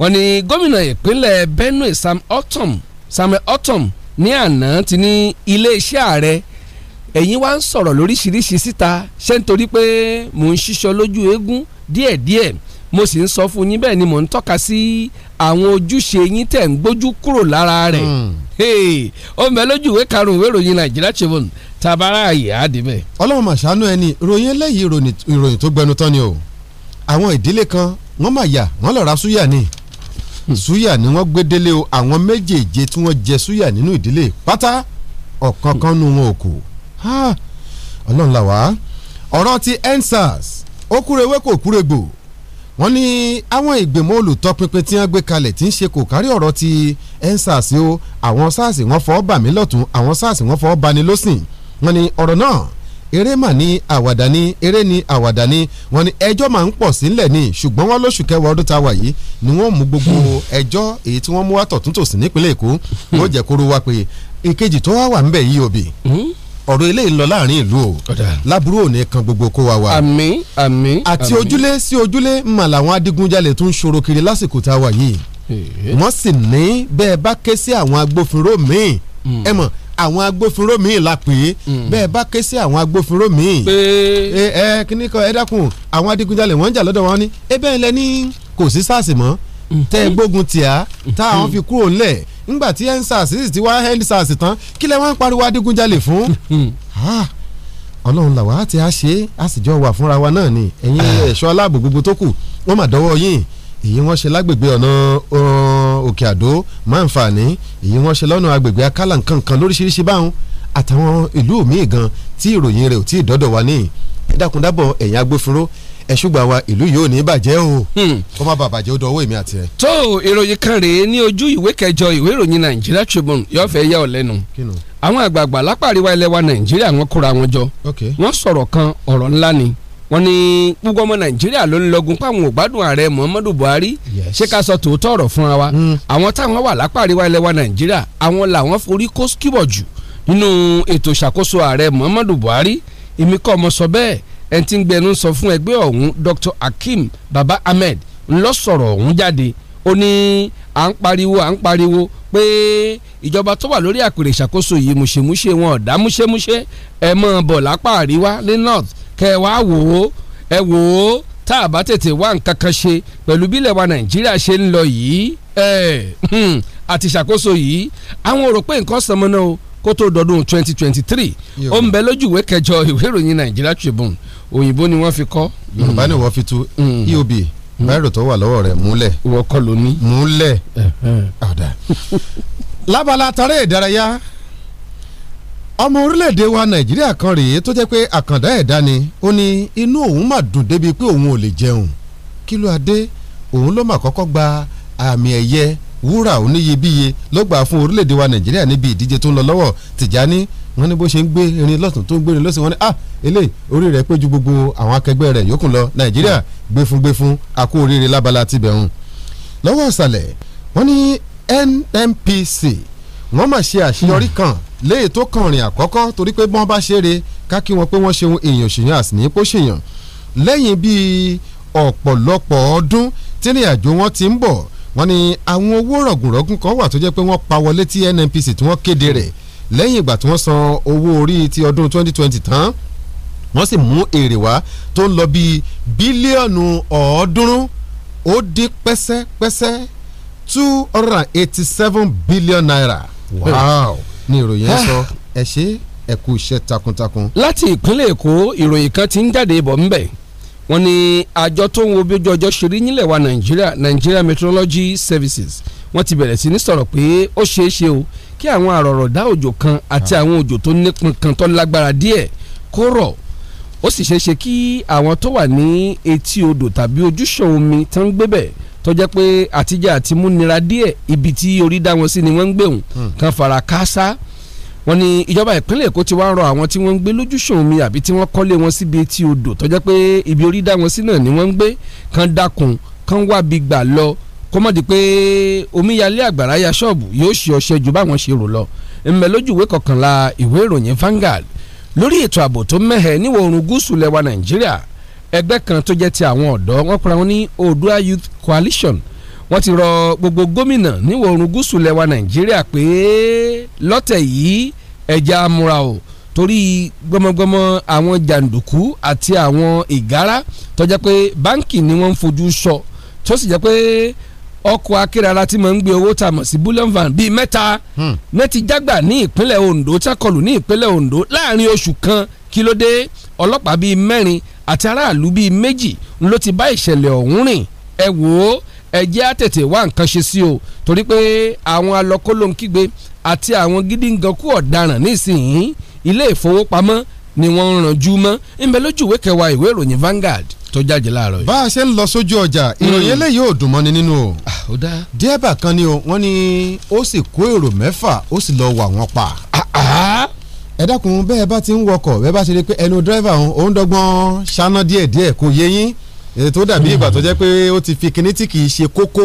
wọ́n ní gómìnà ìpínlẹ̀ Benue Sam Ortom Samuel Ortom ní àná ti ní iléeṣẹ́ ààrẹ ẹ̀yin wá ń sọ̀rọ̀ lóríṣiríṣi síta ṣé nítorí pé mò ń ṣiṣọ́ lójú eégún díẹ̀díẹ̀ mo sì ń sọ fún yín bẹ́ẹ̀ ni mò ń tọ́ka sí àwọn ojúṣe yín tẹ̀ ń gbójú kúrò lára rẹ̀ hmm. ó mẹ́ lójú ìwé karùn-ún ìwé ìròyìn nàìjíríà tribune tabara ayé àdìbẹ̀. ọlọ́run màṣánú ẹni ìròyìn eléyìí ìròyìn tó gbẹnu tán ni o àwọn ìdílé kan wọ́n mà yà wọ́n lọ ra súyà ni hmm. súyà ni wọ́n gbé délé o àwọn méjèèje tí wọ́n jẹ súyà nínú ìdílé pátá ọ̀kan kan nu wọn ò ọlọ́run làwá ọ̀rọ̀ ti EndSARS ó kúrewé kò kúregbò wọ́n ní àwọn ìgbìmọ̀ olùtọpinpin tí wọ́n gbé kalẹ̀ tí ń ṣe kò kárí ọ̀rọ̀ ti ensars o àwọn sars wọ́n fọ́ bà mí lọ́tún àwọn sars wọ́n fọ́ bani lọ́sìn wọ́n ní ọ̀rọ̀ náà eré mà ní àwàdà ní eré ní àwàdà ní wọ́n ní ẹjọ́ máa ń pọ̀ sílẹ̀ ní ṣùgbọ́n wọ́n lóṣù kẹwàá ọdún tá a wà yìí ni wọ́n mú gbogbo ẹjọ́ èyí tí wọ́n mú wá tọ̀tún tòsì nípínlẹ̀ Èkó ó jẹ́ kóró wá pé ìkejì tó wá wà ńbẹ̀ yìí òbí ọ̀rọ̀ eléyìí lọ láàrin ìlú o lábúrò òní kan gbogbo kó wa wa. àmín àmín. àti ojúlé sí ojúlé mà làwọn adigunjalè tún ṣòro kiri lásìkò tá a wà yìí wọ́n sì ní bẹ́ẹ̀ bá ké sí àwọn agbófinró míì hmm. ẹ mọ̀ àwọn agbófinró míì la pè é hmm. bẹ́ẹ̀ bá ké sí àwọn agbófinró míì ẹ ẹ kíní kan ẹ dákun àwọn adigunjalè wọ́n ń jà lọ́dọ̀ wọn ni ẹ bẹ́ẹ̀ lẹ ní kò sí SARS mọ́ hmm. tẹ́ gbógun tìá táwọn fi kúrò ńlẹ̀ ńgbà tí endsars sì ti wá endsars tán kí lẹ wá ń pariwo adigunjalè fún. Hmm. ọlọ́run làwa àti àṣe àṣìjọ wà fúnra wa náà ni ẹ̀yin ẹ̀ṣọ́ aláàbò gbogbo tó kù wọ́n mà dọ́wọ́ yín èyí wọ́n ṣe lágbègbè ọ̀nà òkè àdó máa ń fà ní èyí wọ́n ṣe lọ́nà agbègbè akálà nǹkankan lóríṣiríṣi báwọn àtàwọn ìlú míì gan tí ìròyìn rẹ̀ ò tí ì dọ́dọ̀ wa ní ìdákúndábọ̀ ẹ̀yin agbófinró ẹ ṣùgbọ́n wa ìlú yìí ò ní bàjẹ́ o hmm. kó má bàa bàjẹ́ ó dọwọ́ èmi àti ẹ. tó ìròyìn kan rèé ní ojú ìwé kẹjọ ìwé ìròyìn Nigeria Tribune yóò fẹ́ yà ọ́ lẹ́nu àwọn àgbààgbà lápá àríwá ilẹ̀ wa Nàìjíríà wọ́n kóra wọn jọ wọ́n sọ̀rọ̀ kan ọ̀rọ̀ ńlá ni wọ́n ní gbogbo ọmọ nàìjíríà ló ń lọgun páwọn ò gbádùn ààrẹ muhammadu buhari ṣé ká sọ tòótọ́ ọ̀rọ̀ fúnra wa hmm. àwọn táwọn wà lápá àríwá ilẹ̀ wa nàìjíríà àwọn làwọn forí kó skibọ̀ jù nínú ètò ìṣàkóso ààrẹ muhammadu buhari èmi ọmọ sọ bẹ́ẹ̀ ẹni tí ń gbẹnu sọ fún ẹgbẹ́ ọ̀hún Dr Hakeem Baba Ahmed ńlọ sọ̀rọ̀ ọ̀hún jáde ó ní à ń pariwo à ń pariwo pé ìjọba tó wà lórí àpèrè ìṣàkóso yìí mùṣemúṣe wọn ọ̀dà múṣemúṣe ẹ mọ̀ bọ̀ lápá àríwá ní north kẹ wò ó ẹ wò ó tá a bá tètè wá nǹkan kan ṣe pẹ̀lú bílẹ̀ wa Nàìjíríà ṣe ń lọ yìí ẹ àti hmm, ìṣàkóso yìí àwọn ò rò pé nǹkan sọmọ náà o kó tó dọdún twenty twenty three ó ń bẹ lójú ìwé kẹjọ ìwé ìròyìn Nàìjíríà Tribune òyìnbó ni wọ́n fi kọ́. yorùbá ni wọ́n fi tu mm. eob mm. báyìí tó wà lọ́wọ́ rẹ̀ múlẹ̀. ìwọ kọ́ ló ní. lábala taré ìdárayá ọmọ orílẹ̀-èdè wa nàìjíríà kan rèé tó jẹ́ pé àkàndá ẹ̀dá ni ó ní inú òun mà dùn débi pé òun ò lè jẹun kí ló adé òun ló mà kọ́kọ́ gba àmì ẹ̀yẹ wúrà oníyebíye ló gbà fún orílẹ̀-èdè wa nàìjíríà níbi ìdíje tó ń lọ lọ́wọ́ tìjání wọ́n ní bó ṣe ń gbé erin lọ́sùn tó ń gbé erin lọ́sùn wọ́n ní ah ele orí rẹ̀ pé ju gbogbo àwọn akẹgbẹ́ rẹ̀ yòókù lọ nàìjíríà gbé fún gbé fún akó oríire lábala tibẹ̀ hùn. lọ́wọ́ ìsàlẹ̀ wọ́n ní NNPC wọ́n mà ṣe àṣeyọrí hmm. kan léyìí tó kàn rìn àkọ́kọ́ torí pé bọ́n bá ṣeré ká kí wọn pé wọ́n ṣeun èèyàn ṣèyàn àsìní kó ṣèyàn lẹ́yìn bíi ọ̀pọ̀lọpọ̀ ọdún tí ní àjò wọn ti ń bọ̀ wọ́n ní àwọn owó rọ̀gùnrọ̀gùn kan wà tó jẹ́ pé wọ́n pa wọlé tí NNPC tí wọ́n kéde rẹ̀ lẹ́yìn ìgbà tí wọ́n san owó orí ti ọdún 2020 tán wọ́n sì mú èrè wá tó ń lọ bí bílíọ̀nù ọ̀ọ́dúnrún ó dín pẹ́sẹ́pẹ́sẹ́ two hundred and eighty seven billion naira. wow ni ìròyìn yẹn ah. sọ ẹ ṣe ẹ kú iṣẹ́ takuntakun. láti ìpínlẹ̀ èkó ìròyìn kan ti ń jáde bọ̀ ńbẹ̀ wọ́n ní àjọ tó ń wo ojú ọjọ́ ṣe nílẹ̀ wa nàìjíríà nàìjíríà meteorology services wọ́n ti bẹ̀rẹ̀ sí ní sọ̀rọ̀ pé ó ṣeé ṣe o. She, she, kí àwọn àrọ̀rọ̀dá òjò kan àti àwọn òjò tó nípọn kan tó lágbára díẹ̀ kó rọ̀ ó sì ṣeéṣe kí àwọn tó wà ní etí odò tàbí ojúṣàn omi tó ń gbébẹ̀ tó jẹ́ pé àtijọ́ àti múnira díẹ̀ ibi tí orí dá wọn sí ni wọ́n ń gbéhùn hmm. kan fara káásá wọ́n ní ìjọba ìpínlẹ̀ Èkó ti wá ń rọ àwọn tí wọ́n ń gbé lójúṣàn omi àbí tí wọ́n kọ́lé wọn síbi etí odò tó jẹ́ pé ibi orí dá wọn sí náà ni wọ́n ń gbé kan dákun kan wábi gbà lọ kọ́mọ̀dé pé omíyalé àgbàrá ya ṣọ́ọ̀bù yóò ṣe ọṣẹ ju báwọn ṣe rò lọ ńbẹ lójú ìwé kọkànlá ìwé ìròyìn Vanguard lórí ètò ààbò tó mẹ́hẹ̀ níwọ̀ oòrùn gúúsù lẹwa Nàìjíríà ẹgbẹ́ kan tó jẹ́ ti àwọn ọ̀dọ́ wọ́n pera wọn ní Oòduà Youth Coalition wọ́n ti rọ gbogbo gómìnà níwọ̀ oòrùn gúúsù lẹwa Nàìjíríà pé lọ́tẹ̀ yìí ẹja amúra o torí gbọmọgbọmọ àwọn jàǹdùkú àti àwọn ìgárá tó jẹ́ pé báńkì ni wọ́n ń fojú sọ tó sì jẹ́ pé ọkọ̀ akérara tí mo ń gbé owó tà mọ̀ sí bullion van bíi mẹ́ta hmm. ní ti jágbà ní ìpínlẹ̀ Ondo tákọlù ní ìpínlẹ̀ Ondo láàrin oṣù kan kí ló dé ọlọ́pàá bíi mẹ́rin àti aráàlú bíi méjì ló ti bá ìṣẹ̀lẹ̀ ọ̀hún rìn ẹ wò ó ẹ jẹ́ àtètè wá nǹkan ṣe sí o torí pé àwọn alọ́kólóńkígbe àti àwọn gídíngankú ọ̀daràn nísìnyí ilé ìfowópamọ́ ni wọ́n ń ranjú mọ́ ńbẹ lójú ìwé kẹwàá ìwé ìròyìn Vanguard tó jáde láàárọ̀ yìí. bá a ṣe ń lọ sójú ọjà ìròyìn hmm. eléyìí ò dùn mọ́ni nínú o. Ah, ó dá. dẹ́ẹ̀bà kan ni o wọ́n ní ó sì kó èrò mẹ́fà ó sì lọ wà wọ́n pa. Ah, ah. ẹ dákun bẹ́ẹ̀ bá ti ń wakọ̀ bẹ́ẹ̀ bá ti rí i pé ẹnu dírẹ́fà òun òun dọ́gbọ́n ṣáná díẹ̀ díẹ̀ kò yé yín tó dàbí ìgbà tó jẹ́ pé ó ti fi kinní tí kì í ṣe kókó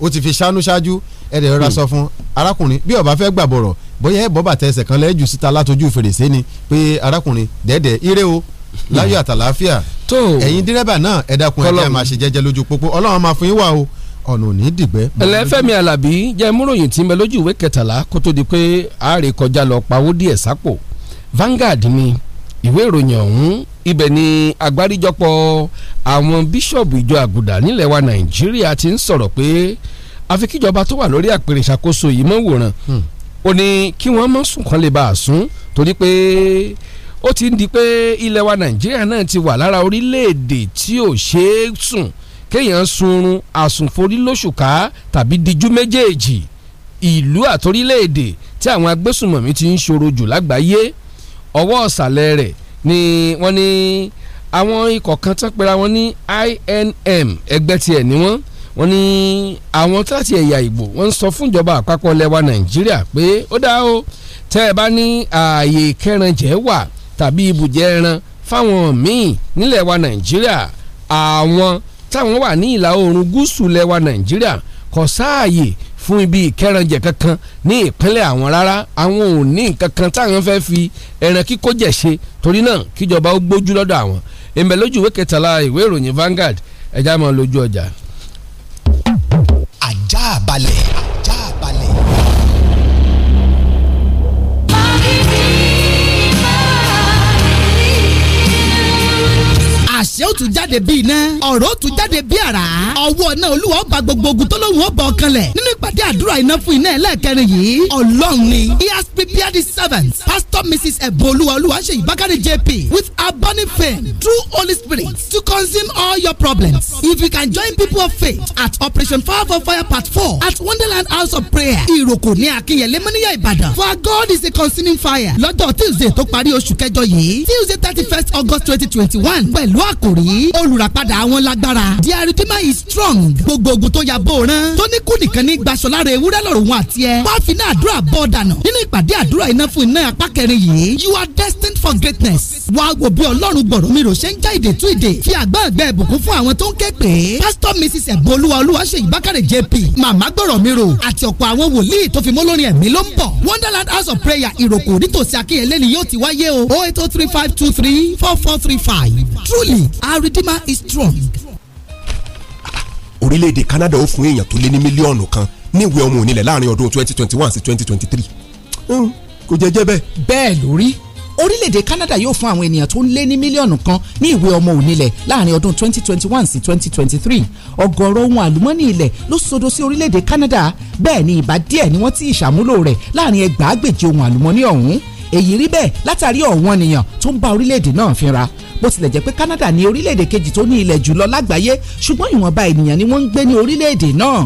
ó ti fi ṣánú ṣáájú ẹ̀rẹ̀ rọra hmm. sọ fún arákùnrin bí ó bá fẹ́ gbàbọ̀rọ̀ bóyá ẹ̀ bọ́ bàtà ẹsẹ̀ kan lẹ́jù síta látojú fèrèsé ni pé arákùnrin dẹ́dẹ̀ ire o láyọ̀ àtàláfíà ẹ̀yin dírẹ́bà náà ẹ dákun ẹ jẹ́ máa ṣe jẹ́jẹ́ lójú pópó ọlọ́run máa fún yín wà o ọ̀nà ò ní dìgbẹ́. ẹlẹ́fẹ̀mí alábí jẹ́ múròyìn tí ń bẹ lójú ìwé kẹtàlá kó tó di pé àárẹ̀ kọjá lọ pawó díẹ̀ sápò Vanguard ni ìwé ìròyìn ọ̀hún ibẹ̀ ni agbáríjọpọ̀ àwọn bíṣọ̀bù ìjọ àgùdà nílẹ̀ wa Nàìjíríà ti ń sọ̀rọ̀ pé àfi kíjọba tó wà lórí àpèrè ìṣàkóso yìí mọ̀ wòran hmm. ó ní kí wọ́n mọ̀ sùn kán lè bá a sún torí pé ó ti ń di pé ilẹ̀ wa nàìjíríà náà ti wà lára orílẹ̀-èdè tí ò ṣeé sùn kéèyàn sunrun àsùnforí lóṣùká tàbí dijú méjèèjì ìlú àtorílẹ̀-èdè tí àwọn agbésùnmọ̀mí ti ń ṣòro jù lágbàáyé ọwọ́ ọ̀sàlẹ̀ rẹ̀ ni wọ́n ní àwọn ikọ̀ kan tán pera wọn ní INM ẹgbẹ́ tiẹ̀ ni wọ́n wọ́n ní àwọn láti ẹ̀yà ìgbò wọ́n ń sọ fún ìjọba àpapọ̀ lẹwa nàìjíríà pé ó dá o tẹ́ ẹ bá ní ààyè ìkẹrànjẹ́ wà tàbí ibùjẹ ẹran fáwọn míì nílẹ̀ wa nàìjíríà àwọn táwọn wà ní ìlà oòrùn gúúsù lẹ́wà nàìjíríà kò sáàyè fún ibi ìkẹrànjẹ kankan ní ìpínlẹ̀ àwọn rárá àwọn ò ní nǹkan kan táwọn fẹ́ fi ẹran kíkó jẹ̀ ṣe torí náà kíjọba ó gbójú lọ́dọ̀ àwọn èmbẹ̀ lójú ìwé kẹtàlá ìwé ìròyìn Vanguard ẹ̀já máa lójú ọjà. ajá balẹ̀ àṣẹ ó tún jáde bíi iná ọ̀rọ̀ ó tún jáde bíi àrá ọwọ́ náà olúwa ó gbogbo ogun tó lóun ó bọ̀ kanlẹ̀ nínú ìpàdé àdúrà iná fún iná ẹlẹ́ẹ̀kẹrin yìí ọlọ́run ni he has prepared his servants pastor mrs ẹ̀bùnolúwa olúwaṣeyì bákàrẹ̀ jp with burning fame true holy spirit to consume all your problems if you can join people of faith at operation fire for fire part four at wonderland house of prayer Iroko ní akínyẹlé mọ́níyà ìbàdàn for god is a consuming fire lọ́jọ́ tuesday tó parí oṣù kẹjọ yìí tuesday thirty first august twenty twenty one pẹ̀lú àkó rí olùràpadà wọn lágbára their redeemer is strong gbogbo ogun tó ya bó rán tó ní kú nìkan ní gbaṣọ lára ewúrẹ́ lọ́rùn wọn àti ẹ wá fi náà àdúrà bọ́ dànù nínú ìpàdé àdúrà iná fún iná apá kẹrin yìí you are destined for greatness wàá wò bí ọlọ́run gbọ̀rọ̀ mi rò ṣe ń já ìdè tú ìdè fi àgbàgbẹ́ ìbùkún fún àwọn tó ń ké pé pastor mrs ẹ̀bùn olúwa ìbákàrẹ̀ jp màmá gbọ̀rọ̀ mi rò àti ọ̀pọ̀ àwọn wòlíì tó fi mọ́ ẹ̀mí ló ń bọ̀ wonderland house of prayer ìròkò nítòsí akínyẹlẹ́ ni yóò ti wáyé o oh eight oh three five two three four four three five truly our redeemer is strong. orílẹ̀-èdè Canada ó fún èèyàn tó lé ní mílíọ̀nù kan ní ìwé ọmọ onílẹ̀ láàrin ọdún twenty twenty sí twenty hmm, kò jẹ́ bẹ́ẹ̀. bẹ́ẹ̀ lórí orílẹ̀-èdè Canada yóò fún àwọn ènìyàn tó ń lé ní mílíọ̀nù kan ní ìwé ọmọ onílẹ̀ láàrin ọdún 2021 sí 2023 ọ̀gọ̀ọ̀rọ̀ ohun àlùmọ́nì ilẹ̀ ló sodo sí orílẹ̀-èdè Canada bẹ́ẹ̀ ni ìbá díẹ̀ ni wọ́n ti ìṣàmúlò rẹ̀ láàrin ẹgbàágbèje ohun àlùmọ́nì ọ̀hún èyí rí bẹ́ẹ̀ látàrí ọ̀wọ́n ènìyàn tó ń bá orílẹ̀-èdè náà fínra bó tilẹ̀ jẹ́ pé Canada ni orílẹ̀-èdè kejì tó ní ilẹ̀ jùlọ lágbàáyé ṣùgbọ́n ìwọ̀nba ènìyàn ni wọ́n ń gbé ní orílẹ̀-èdè náà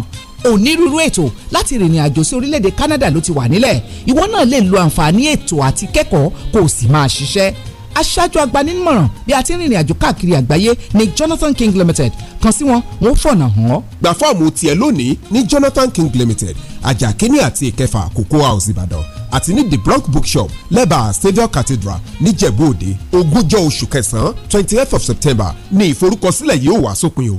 onírúurú ètò láti rìnrìn àjò sí orílẹ̀-èdè Canada ló ti wà nílẹ̀ ìwọ náà lè lo àǹfààní ètò àti kẹ́kọ̀ọ́ kó o sì máa ṣiṣẹ́ aṣáájú agbanímọ̀ràn bí a ti ń rìnrìn àjò káàkiri àgbáyé ní Jonathan King Limited kan sí wọn wọn fọ̀nà hàn án. gba fọ́ọ̀mù tiẹ̀ lónìí ní Jonathan King Limited ajakini àti ìkẹfà Cocoa House Ìbàdàn àti ní the bronc bookshop lẹ́bàá saviour cathedral níjẹ̀bú òde ogúnjọ́ oṣù kẹsàn-án twenty eight of september ní ìforúkọsílẹ̀ yìí ó wà sópin o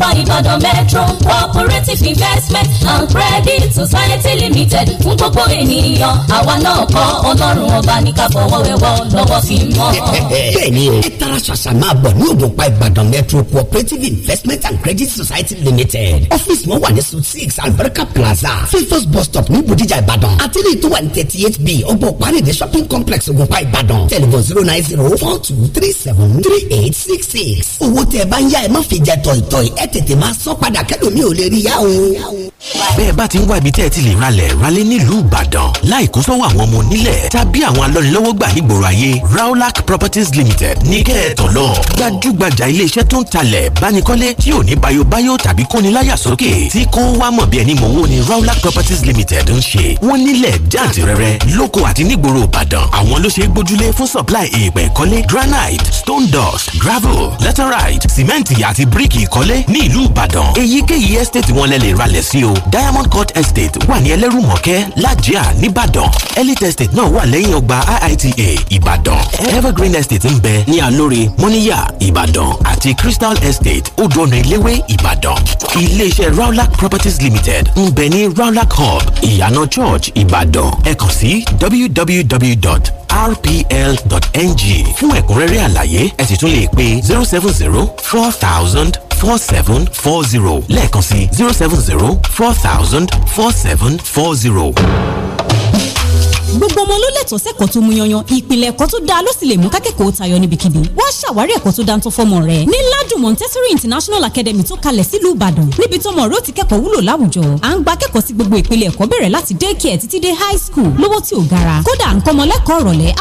wá ìbàdàn metro cooperative investment and credit society limited fún gbogbo ènìyàn àwa náà kọ́ ọlọ́run ọba ní ká fọwọ́ wẹwọ́ lọ́wọ́ fi mọ́. bẹ́ẹ̀ni o ẹ tara ṣàṣà máa bọ̀ ní ògùnpá ìbàdàn metro cooperative investment and credit society limited ọ́fíìsì wọn wà ní suite six alberca plaza fifos bus stop ní bòdìjà ìbàdàn àti ní ìtọ́wà ní thirty eight b ọgbọ́n the shopping complex ògùnpá ìbàdàn Telephone zero nine zero four two three seven three eight six six owó tẹ ẹ bá ń yá ẹ má fi jẹ tọ̀ìtọ̀ì ẹ tètè máa sọ padà kẹ́lòmíì ò lè rí yá o bẹ́ẹ̀ bá ti ń wá ibi tẹ́ ẹ ti lè ralẹ̀ ralẹ̀ nílùú ìbàdàn láìkún fún àwọn ọmọ onílẹ̀ tàbí àwọn alọ́nilọ́wọ́ gbà nígboro ayé raulac properties limited ní kẹ́ẹ̀tàn lọ. gbajúgbajà iléeṣẹ́ tó ń talẹ̀ bánikọ́lé tí ò ní bayobayo tàbí kóniláyà sókè tí kò wá mọ̀ bí ẹni mọ̀wó ni raulac properties limited ń ṣe. wọ́n nílẹ̀ jàǹtìrẹrẹ lóko àti nígboro ìbàdàn àwọn ló ṣe é gbójúlé fún supply èèpẹ̀ ìkọ́lé granite stone dust gravel laterite cement àti bíríkì ìkọ́lé ní ìlú ìbàdàn èyíkéyìí estate wọn lẹ lè sí o diamond court estate wà ní ẹlẹ́rùmọ̀kẹ́ lájà nìbàdàn elite estate náà wà lẹ́yìn ọgbà iita ìbàdàn evergreen estate ń bẹ ní alóore mọ́níyà ìbàdàn àti crystal estate odòọ̀nà ìléwé ìbàdàn iléeṣẹ́ rawlac properties limited ń bẹ ní rawlac hub ìyànà church ìbàdàn ẹ kàn sí www.rpl.ng fún ẹ̀kúnrẹ́rẹ́ àlàyé ẹ sì zero seven zero four thousand four seven four zero lẹ́ẹ̀kan sí zero seven zero four thousand four seven four zero. gbogbo ọmọ ló lẹ́tọ̀ọ́ sẹ́kọ̀ọ́ tó mú yanyan ìpìlẹ̀ ẹ̀kọ́ tó dáa ló sì lè mú kákẹ́kọ̀ọ́ tayọ níbikíbi wá ṣàwárí ẹ̀kọ́ tó dáńtọ́ fọ́mọ rẹ ní ládùn montessori international academy tó kalẹ̀ sílùú ìbàdàn níbi tọ́mọ rẹ ó ti kẹ́kọ̀ọ́ wúlò láwùjọ à ń gba akẹ́kọ̀ọ́ sí gbogbo ìpele ẹ̀kọ́ bẹ̀rẹ̀ láti daycare títí dé high school lówó tí ò gara kódà à ń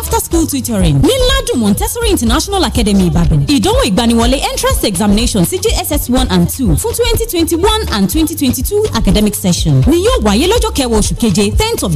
after school tutoring ní ládùn montessori international academy ìbàdàn ìdánwò ìgbaniwọlé entrance examination sí one and two fún twenty and twenty academic session ni yóò wáyé lọ́jọ́ kẹwàá tenth of